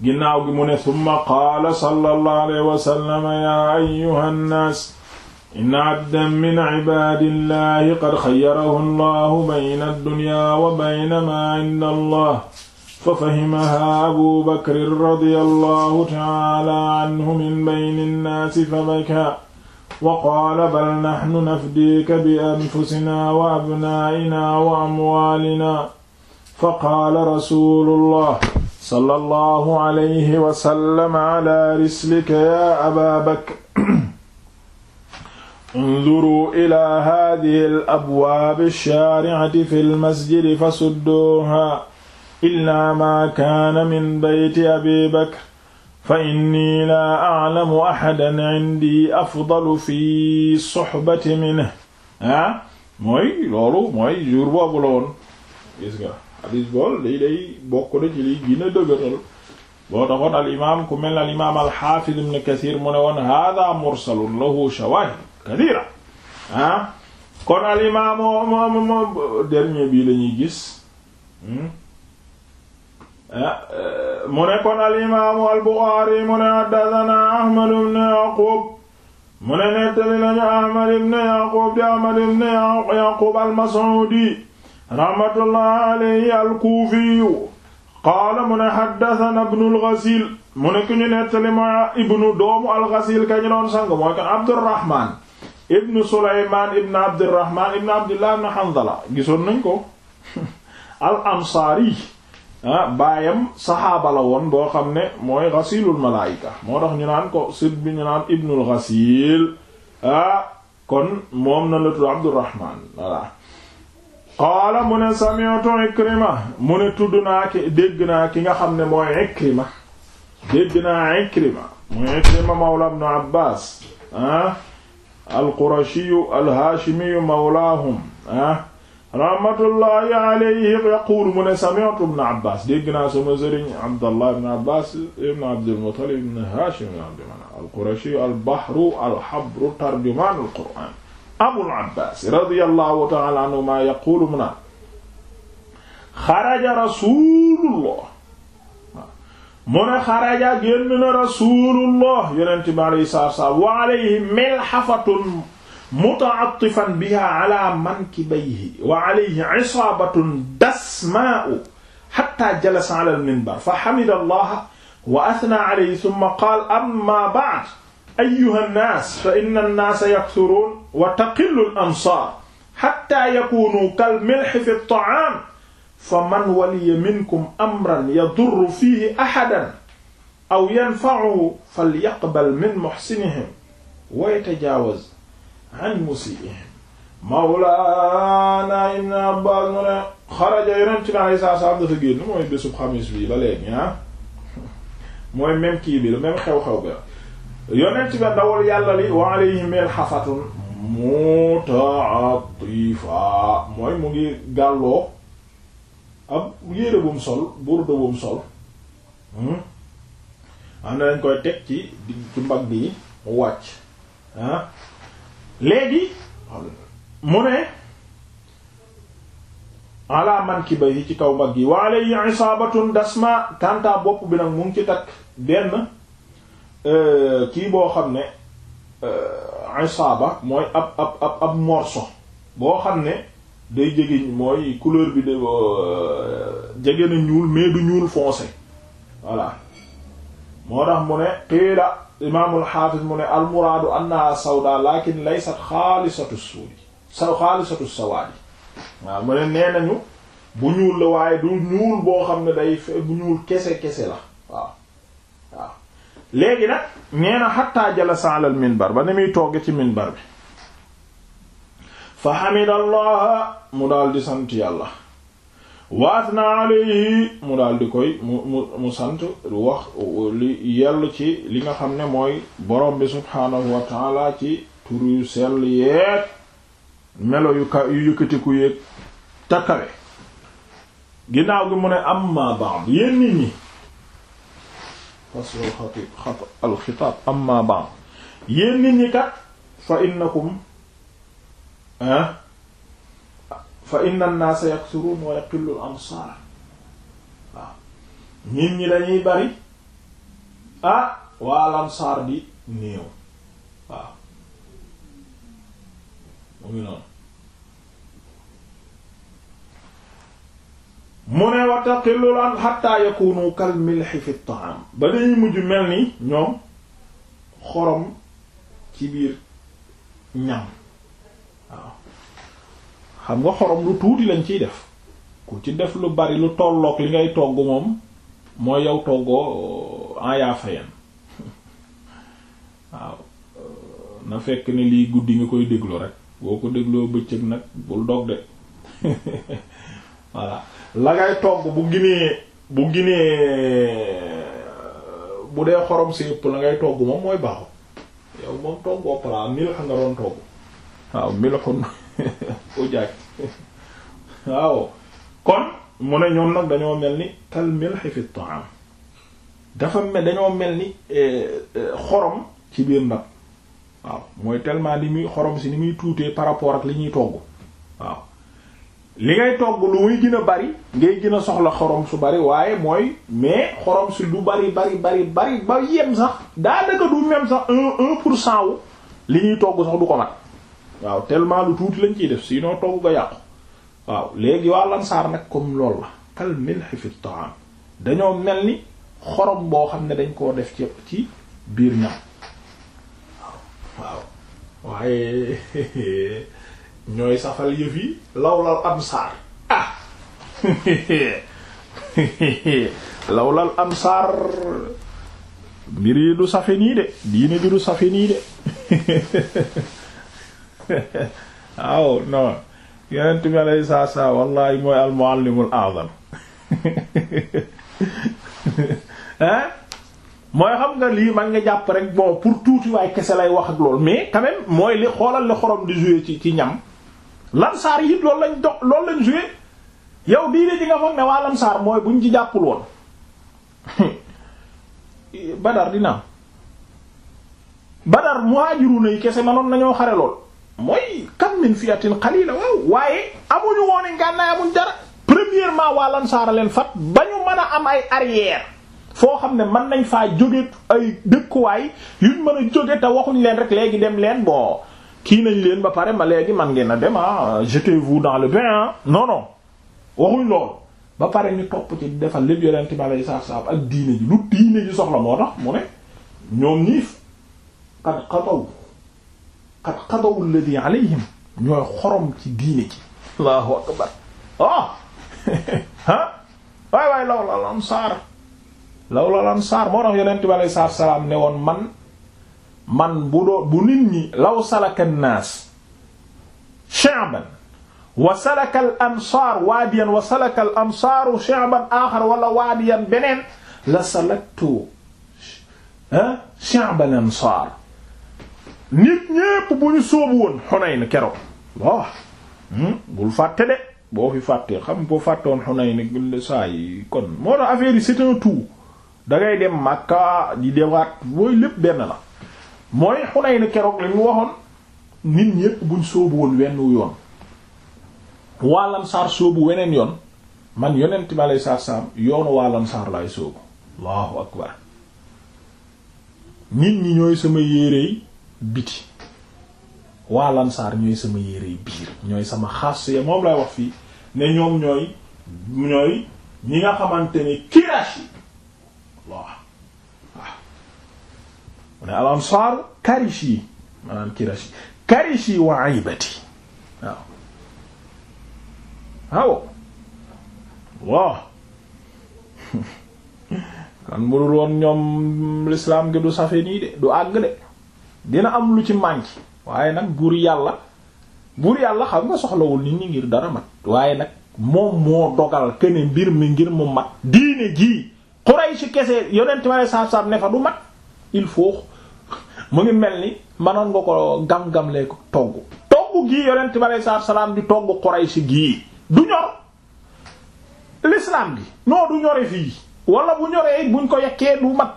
ginnaaw gi mu ne summa qaala sallallahu alayhi wa sallam yaa ayyuha nnaas inna abdan min cibaadillahi qad xayyarahu allahu bayna addunyaa wa bayna maa cinda allah fa fahimahaa abu bakrin radiyallahu tacaala canhu min bayni nnaasi fa bakaa wa qaala bal naxnu nafdiika bi anfusinaa wa abnaa'inaa wa amwaalinaa fa qaala rasuulullah sallallahu alayhi wa sallam ala rislika yaa abaa bakr unzuruu ilaa haadihi al-abwaabi ash-shaari'ati fi al-masjidi fasudduuhaa illaa maa kaana min bayti abii bakr fa inni laa a'lamu ahadan indi afdalu fi suhbati minhu ah mooy loolu mooy jour boobu la woon gis nga hadis bool day day bokk na ci liy gën a dëgëral boo taxoon al imaam ku mel al imaam al xaafid ibn Kasiir mu ne woon haadaa mursalun lahu shawaahid kasiira ah kon al imaam dernier bii la ñuy gis. Hmm? Ah, eh, mu ne kon al imaamu al Buxaari mu ne haddasanaa Ahmad ibn Yaqub mu ne nettali lañu Ahmad ibn Yaqub di Ahmad ibn Yaqub al-Mas'uudi rahmatullahi alayhi al-Kuufiyu qaala mu ne haddasanaa ibnu al-Ghasiil mu ne ku ñu nettali ma ibnu doomu al-Ghasiil ka ñu doon sang mooy kon Abdurrahmaan ibnu Sulaymaan ibnu Abdurrahmaan ibnu Abdullah ibnu Hanzala gisoon nañ ko al-Ansaari Ah, baayam saxaaba la woon boo xam ne mooy Ghasilul Malaayika moo tax ñu naan ko sët bi ñu naan Ibnul Ghasil ah kon moom na la tudd Abdurrahman voilà qaala mu ne sami'tu Ikrima mu ne tudd naa ki dégg naa ki nga xam ne mooy Ikrima dégg naa Ikrima mooy Ikrima mawla Ibn Abbas ah al-Qurashiyu al-Haashimiyu mawlaahum ah rahmatullahi alayhi yaquulu mu ne sami'tu ibn Abbas dégg naa sama sëriñ Abdallah ibn Abbas ibn Abdul Muttalib ibn Hashim ibn Abd Manaf al-Qurashi al-Bahru al-Habru tarjumaan al-Qur'aan Abul Abbas radiyallahu ta'ala anhuma yaquulu mu naan xaraja rasulullah mu ne xaraja génn na rasulullah yonent bi alayhi salaatu wa alayhi milhafatun muta'attifan biha ala mankibayhi wa alayhi isaabatun dasmaa'u hatta jalasa ala al-minbar fa hamida allaha wa athna alayhi thumma qaala amma ba'd ayyuha an-naas fa inna an-naasa yakthuruun wa taqillu al-ansaar hatta yakuunu kal-milhi fi at-ta'aam fa man waliya minkum amran yadurru fiihi ahadan aw yanfa'uhu falyaqbal min muhsinihim wa yatajaawaz an musii mawlaana ibn Abbaas mu ne xaraja yonent bi alayhi salaam dafa génn mooy bésub xamis bi ba léegi ah. mooy même kii bi la même xew-xew ba yonent bi dawal yàlla li wa alayhi milhafatun mutaatifa mooy mu ngi gàlloo ab yére bu mu sol burda bu mu sol hmm? am na dañ koy teg ci ci mbagg yi mu wàcc ah. léegi mu ne ki mankiba yi ci kaw mag yi wa alayhi isaabatun dasma kanta bopp bi nag mu ngi ci takk benn euh, kii boo xam ne euh, isaaba mooy ab ab ab ab morceau boo xam ne day jege mooy couleur bi de euh, jege na ñuul mais du ñuul foncé voilà moo tax mu ne qiila imaamul xaafis mu ne almuraadu annaha sawda lakin laysat xaalisatu suudi xaalisatu sawaadi mu ne nee nañu bu ñuul la waaye du ñuul boo xam ne day bu ñuul kese kese la waaw waaw nag nee na xatta jalasa ala minbar ba ni muy tooge ci minbar bi fa xamida allaha mu daal di sant yàlla waat naa alayhi mu daal koy mu mu sant wax li yell ci li nga xam ne mooy borom bi subhaanahu wa ci tur yu sell yeeg melo yu ka yu yëkkatiku yeeg takkawe ginnaaw gi mu ne amma ba'd yéen nit ñi faslul xatib xat alxitaab amma ba'd yéen nit ñi kat fa innakum ah fa inna an-naasa wa yaqillu al-ansaar waaw nit ñi dañuy bari ah waa al-ansaar di néew mu ngi noonu mu ne wa taqillu an hatta yakunu kal milhi fi at-ta'am ba dañuy mujj mel ni ñoom xorom ci biir ñam xam nga xorom lu tuuti lañ ciy def ku ci def lu bari lu tolloog li ngay togg moom mooy yow toggoo euh, en yaa fayen waaw euh, na fekk ne lii guddi nga koy déglu rek boo ko dégloo bëccëg nag bul dog de voilà la ngay togg bu ginee bu ginee euh, bu dee xorom si la ngay togg moom mooy baaxu yow moom toggoo pala milx nga doon togg waaw milxun ujaaj waaw kon mu ne ñoom nag dañoo mel ni kal milhi fi ta'am dafa mel dañoo mel ni eh, eh, xorom ci biir ndab waaw mooy tellement li muy xorom si ni muy tuutee par rapport ak li ñuy togg waaw li ngay togg lu muy gën bari ngay gën soxla xorom su bari waaye mooy mais xorom si lu bari bari bari bari ba yem sax daa dëgg du même sax un un pour cent wu li ñuy togg sax du ko mat waaw tellement lu tuuti lañ ciy def sinon togg nga yàqu waaw léegi waa lansaar nag comme lool la kal milhi fi dañoo mel ni xorom boo xam ne dañ koo def ci ci biir ñam waaw waaye ñooy safal yëf yi lawlal amsaar ah lawlal amsaar mbir yi du safe nii de diine bi du safe nii de waaw non yonent bi alayhi salaatu salaam wallahi mooy al muallimul a'zam mooy xam nga lii man nga jàpp rek bon pour tuuti waay kese lay wax ak lool mais quand même mooy li xoolal li xorom di jouer ci ci ñam lamsaar yi loolu lañ dox loolu lañ jouer yow diine ji nga foog ne waa lamsaar mooy buñ ci jàppul woon badar dina badar muhaajiru na yi kese manoon nañoo xare lool mooy kam min fiatin waaye amuñu woon ngànnaay amuñ dara premièrement waa lansaara leen fat ba ñu mën a am ay arrière foo xam ne mën nañ faa jóge ay dëkkuwaay yuñ mën a jóge te waxuñ leen rek léegi dem leen bon kii nañ leen ba pare ma léegi man ngeen a dem ah jetez-vous dans le bain ah. non non waxuñ loolu ba pare ñu topp ci defal lépp yonent bi alayhi salaatu salaam ak diine ji lu diine ji soxla moo tax mu ne ñoom ñiif qad qataw qad qadaw alladhi alayhim ñooy xorom ci diine ci allahu akbar ah ah waay waay lawla al ansaar lawla al ansaar moo tax yonent bi alayhi salaatu salaam ne woon man man bu doo bu nit ñi law salaka an-naas sha'ban wa salaka al ansaar waadiyan wa salaka al ansaaru sha'ban aaxar wala waadiyan beneen la salaktu sha'ban ansaar nit ñépp bu ñu sóobu woon Hunayn keroog waaw hmm? bul fàtte de boo fi fàttee xam boo fàttewoon Hunayn saa yi kon moo tax affaire yi c'est tout da dem Makka di demaat mooy lépp benn la mooy Hunayn keroog la waxoon nit ñépp buñ sóobu woon wenn yoon waa Ansaar sóobu weneen yoon man yonent bi alayhi salaatu salaam yoonu waa Ansaar laay sóobu Allahu akbar nit ñi ñooy sama yéere biti waa lansaar ñooy sama yére biir ñooy sama xas ya moom lay wax fii ne ñoom ñooy ñooy ñi nga xamante ne kirash yi waaw waaw mu ne al ansaar karish yi maanaam kirash yi karish yi wa aybati waaw waaw waaw kan mu dul woon ñoom l'islam gi du safe nii de du àgg de dina am lu ci manqué waaye nag buur yàlla buur yàlla xam nga soxlawul nit ñi ngir dara mat waaye nag moom moo dogal ke ne mbir mi ngir mu mat diine jii Quraysh kese yonent ma saab-saab ne fa du mat il faut mu ngi mel ni mënoon nga ko gam-gam lee ko togg togg gii yonent bi alei salatua salaam di togg Quraysh gii du ñor l'islam gi non ñore fii wala bu ñoree buñ ko yekkee du mat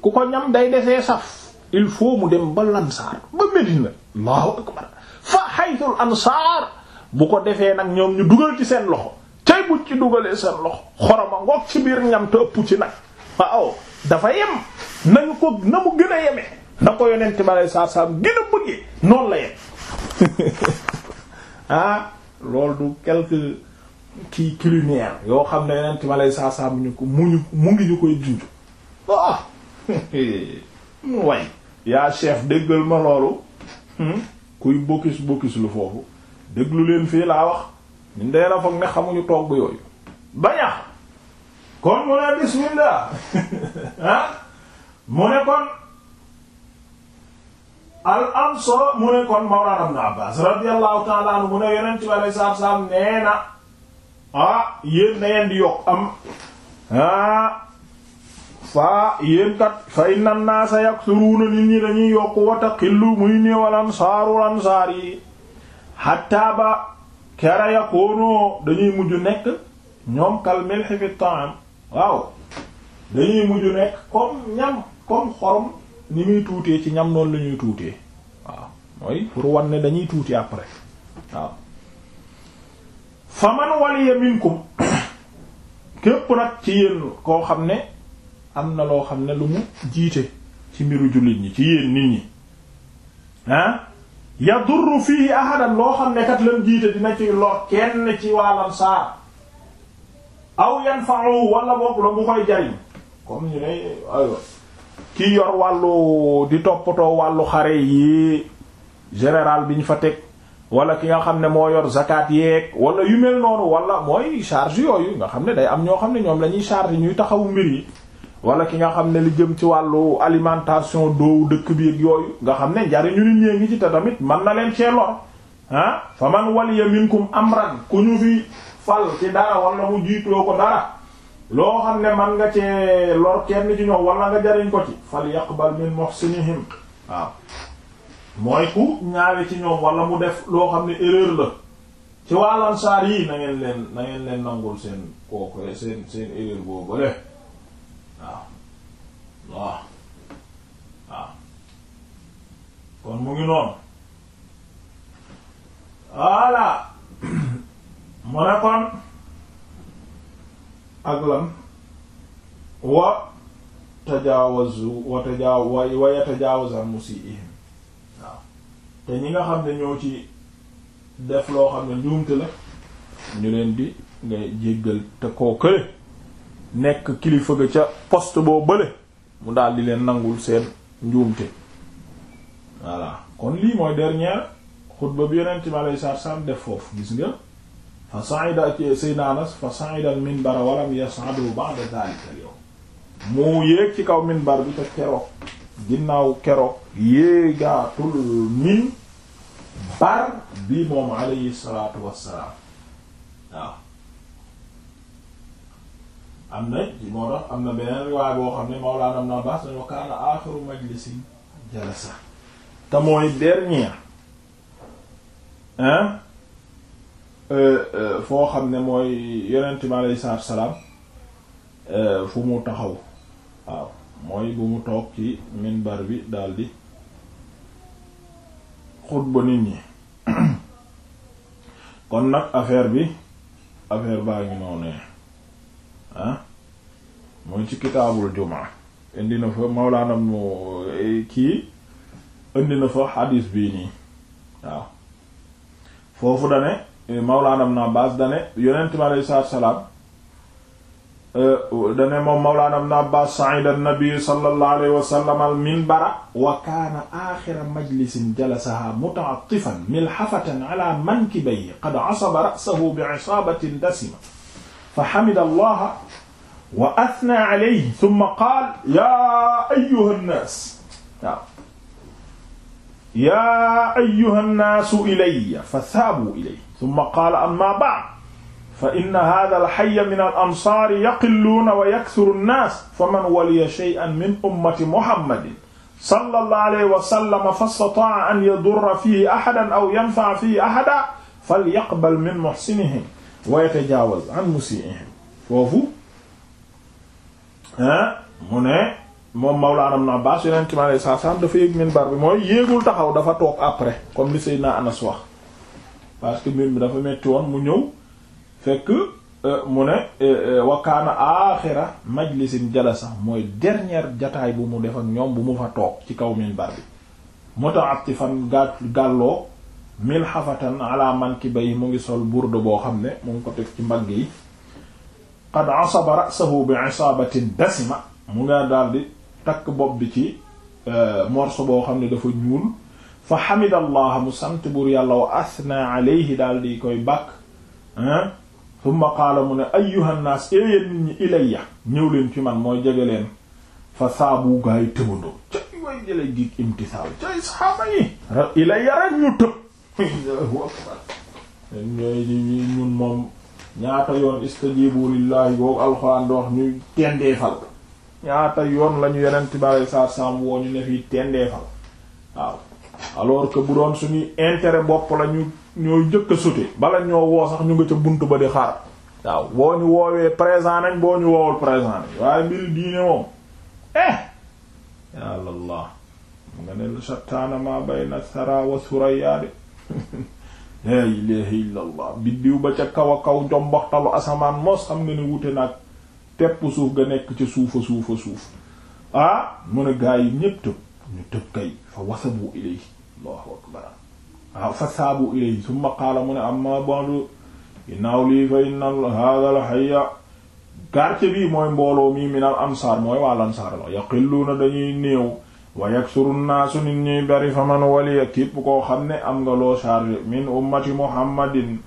ku ko ñam day desee saf il faut mu dem ba lansaar ba Medina allahu akbar fa haythul ansaar bu ko defee nag ñoom ñu dugal ci seen loxo tey bu ci dugalee seen loxo xoroma ngoog ci biir ñam te ëpp ci nag waaw dafa yem nañu ko na mu gën a yemee na ko yonent ma alei saatu salaam gën a bëggee noonu la yem ah loolu du quelque kii culinaire yoo xam ne yonent bi alei saatu ñu ko muñu mu ngi ñu koy junju ah yaa chef déggal ma loolu hmm? kuy bokkis bokkis lu foofu déglu fii laa wax ñun dee la foog ne xamuñu togg yooyu baña kon mu ne bismillah ah mu ne kon al ansor mu ne kon mawlana ibn abbas radiyallahu ta'ala mu ne yonent bi alei saatu salaam nee na ah yéen na ngeen di yokk am ah fa yéen kat fa inna naasa yaksuruuna nit ñi dañuy yokk wata xillu muy néewal ansaaru saar yi xatta ba kera yakoonoo dañuy mujj nekk ñoom kal milhi fi ta'am waaw dañuy mujj nekk comme ñam comme xorom ni muy tuutee ci ñam noonu lañuy tuutee waaw mooy pour wan dañuy tuuti après waaw fa man waliya minkum képp nag ci yéen koo xam ne am na loo xam ne lu mu jiite ci mbiru jullit ñi ci yéen nit ñi ah yadurru fii ahadan loo xam ne kat lam jiite dina ci lor kenn ci wàllam saar aw yanfa'u wala boog la mu koy jariñ comme yor wàllu di toppatoo wàllu xare yi général bi ñu fa teg wala ki nga xam ne moo yor zakat yeeg wala yu mel noonu wala mooy charge yooyu nga xam ne day am ñoo xam ne ñoom lañuy ñuy charge ñuy taxawu mbir yi wala ki nga xam ne li jëm ci wàllu alimentation doowu dëkk bi ak yooyu nga xam ne njariñu nit ñee ngi ci te tamit man na leen cee lor ah fa man waliya am amran ku ñu fi fal ci dara wala mu jiitoo ko dara loo xam ne man nga cee lor kenn ci ñoom wala nga jariñ ko ci fal yaqbal min muhsinihim waaw mooy ku ñaawe ci ñoom wala mu def loo xam ne erreur la ci wàllan saar yi na ngeen leen na ngeen leen nangul seen kooku seen seen erreur waaw ah. ah. waaw ah. waaw kon mu ngi noonu voilà mu ne kon ak lan wa tajaawazu wa tajaawa wa yatajaawazu an waaw te ñi nga xam ne ñoo ci def loo xam ne njuumte la ñu leen di ngay jéggal te koo kële nekk kilifa ga ca post boo bële mu daal leen nangul seen njuumte voilà kon lii mooy dernière xutba bi yonent mi alayhi salaatu salaam def foofu gis nga fa sa'ida sayyidina Anas fa sa'ida al minbar wa lam yas'adu ba'da dhalika al yawm mu yéeg ci kaw minbar bi te keroog ginnaaw keroog yéegaatul minbar bi moom alayhi salaatu wassalaam waaw am na moo tax am na beneen riwaay boo xam ne Mawlaana Ibn Abbaas dañoo kaana aaxiru majlisin jalasa te mooy dernier hein euh, euh, foo xam ne mooy yonent mi alayhi salaatu wa euh, fu mu taxaw mooy bu mu toog ci minbar bi daldi xutba nit ñi kon nag affaire bi affaire baa ngi noonu ah mooy ci kitaabul jumaa indi na fa mawlaanam mu eh, kii indi na fa xadiis bii nii waaw foofu dane eh, mawlaanam na baas dane yonent bi alayhi salaatu wa salaam eh, dane moom mawlaana ibn Abbaas sa'ida an-nabi sallallahu alayhi wa sallam al-minbara wa kaana aaxira majlisin jalasahaa muta'attifan milhafatan ala mankibayhi qad asaba ra'sahu bi'isaabatin dasima fa hamida Allaha wa athna alayhi thumma qaala yaa ayyuha nnaas waaw yaa ayyuha nnaasu ilayya fathaabuu ilayya thumma qaala amma ba'd fa inna haadha al-hayya min al-ansaari yaqilluuna wa yakthuru nnaas faman waliya shay'an min ummati muhammadin sallallahu alayhi wa sallam fastata'a an yadurra fiihi ahadan aw yanfa'a fiihi ahadan falyaqbal min muhsinihim wa yatajaawaz an musii'ihim foofu mu ne moom Mawlaana Ibn Abbaas yeneen ci ma lay saa saa dafa yéeg minbar bi mooy yéegul taxaw dafa toog après comme li Seydina Anas wax parce que mbir bi dafa metti woon mu ñëw fekk euh, mu ne euh, euh, wakkaana aaxira majlisin sax mooy dernière jataay bu mu def ak ñoom bu mu fa toog ci kaw minbar bi muta'attifan gàlloo milhafatan ala mankibayhi mu ngi sol burdo boo xam ne mu ngi ko teg ci mbagg yi qad asaba ra'sahu bi isabatin dasima mu nga daal di takk bopp bi ci euh, morso boo xam ne dafa ñuul fa xamida allah mu sant buur yàlla wa asna alayhi daal di koy bàkk thumma qaala mu ne ayyuha nnaas éeyéen nit ñi ilayya ñëw leen ci man mooy jege leen fa saabu gaay tëbandoo cay way jële giig imtisaal cay saxaaba yi ilayya rek ñu tëb ñooy ñun moom ñaata yoon istajibu lillahi boobu alxuraan do wax ñuy tendeefal ñaata yoon lañu yenent bale saar saam woo ñu ne fii tendeefal waaw alors que bu doon suñuy intérêt bopp lañu ñu jëkk a bala ñoo woo sax ñu nga ca bunt ba di xaar waaw boo ñu woowee présent nañ boo ñu woowul présent nañ waaye mbir diine moom eh yàlla allah mu nga ne shataana ma bayna sara wa suraya de laa ilaaha illallah biddiw ba ca kaw a kaw jomboxtalu asamaan moos xam nga ne wute naag tepp suuf ga nekk ca suufa suufa suuf ah mu ne gaa yi ñépp tëb ñu tëb kay fa wasabu ilayhi allahu akbar waaw ah, fa saabu ilayhi summa qaala mu ne amma ba'du ginnaaw lii fa inna hadha al hayya quartier bii mooy mbooloo mi minal ansaar mooy wàll ansaar la yaqilluuna dañuy néew wa yaksuru nnaasu nit ñuy bari fa man waliya képp koo xam ne am nga loo chargé min ummati muhammadin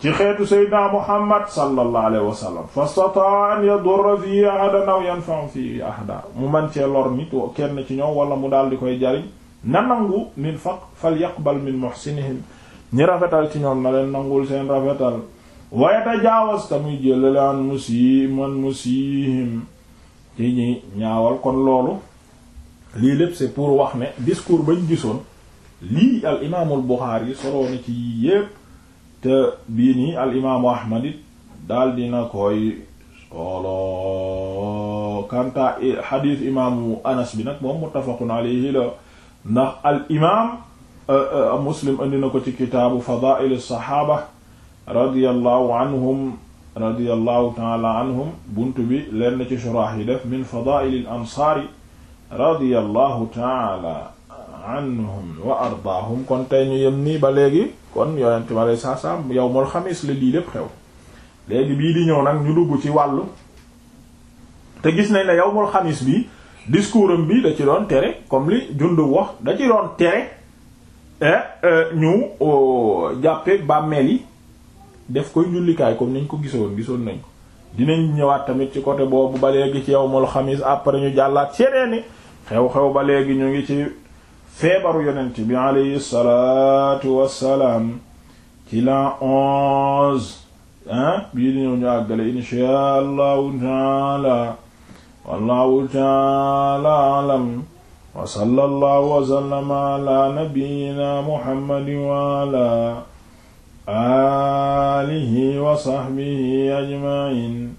ci xeetu seydna muhammad sallallahu alayhi wa sallam fa stataa an yadurra fii ahadan aw yanfa'u ahada mu man cee lor kenn ci ñoom wala mu daal di koy jariñ na nangu nit faq fal yaqbal min muhsinihim ñi rafetal ci ñoom na leen nangul seen rafetal wa yatajaawaz te muy jëlale an musii man musiihim ci ñi ñaawal kon loolu lii lépp c'est pour wax ne discours bañ gisoon lii al imaamul Buxaari soloo na ci yépp te bii nii al imaamu Ahmad it daal dina koy solo kanta eh, xadiis imaamu Anas bi nag moom muttafaqun la al imaam eh, eh, Muslim indi na ko ci kitaabu fadaa'il as-saxaaba radiyallahu ta'ala anhum bunt bi leen na ci min fadaa'il al-ansaari radiyallahu taala anhum wa ardaahum kon tey ñu yem nii ba léegi kon yonent ma lay saa saa yawmul xamis la lii lépp xew léegi bii di ñëw nag ñu dugg ci wàllu te gis nañ ne yawmul xamis bi discours am bi da ci doon tere comme li jundu wax da ci doon tere eh, eh, ñu jàppe bàmmeel yi def koy jullikaay comme niñ ko gisoon gisoon nañ ko dinañ ñëwaat tamit ci côté boobu ba léegi ci yawmul xamis après ñu jàllaat seereeni xew-xew ba léegi ñu ngi ci feebaru yonent bi aleyhi salaatu wassalaam ci la onze ah bii di ñëw ñu àggale inshaa allahu taala wallahu taala alam wa sallallahu wa sallama ala nabiyyina muhammadin wa ala alihi wa sahbihi ajma'in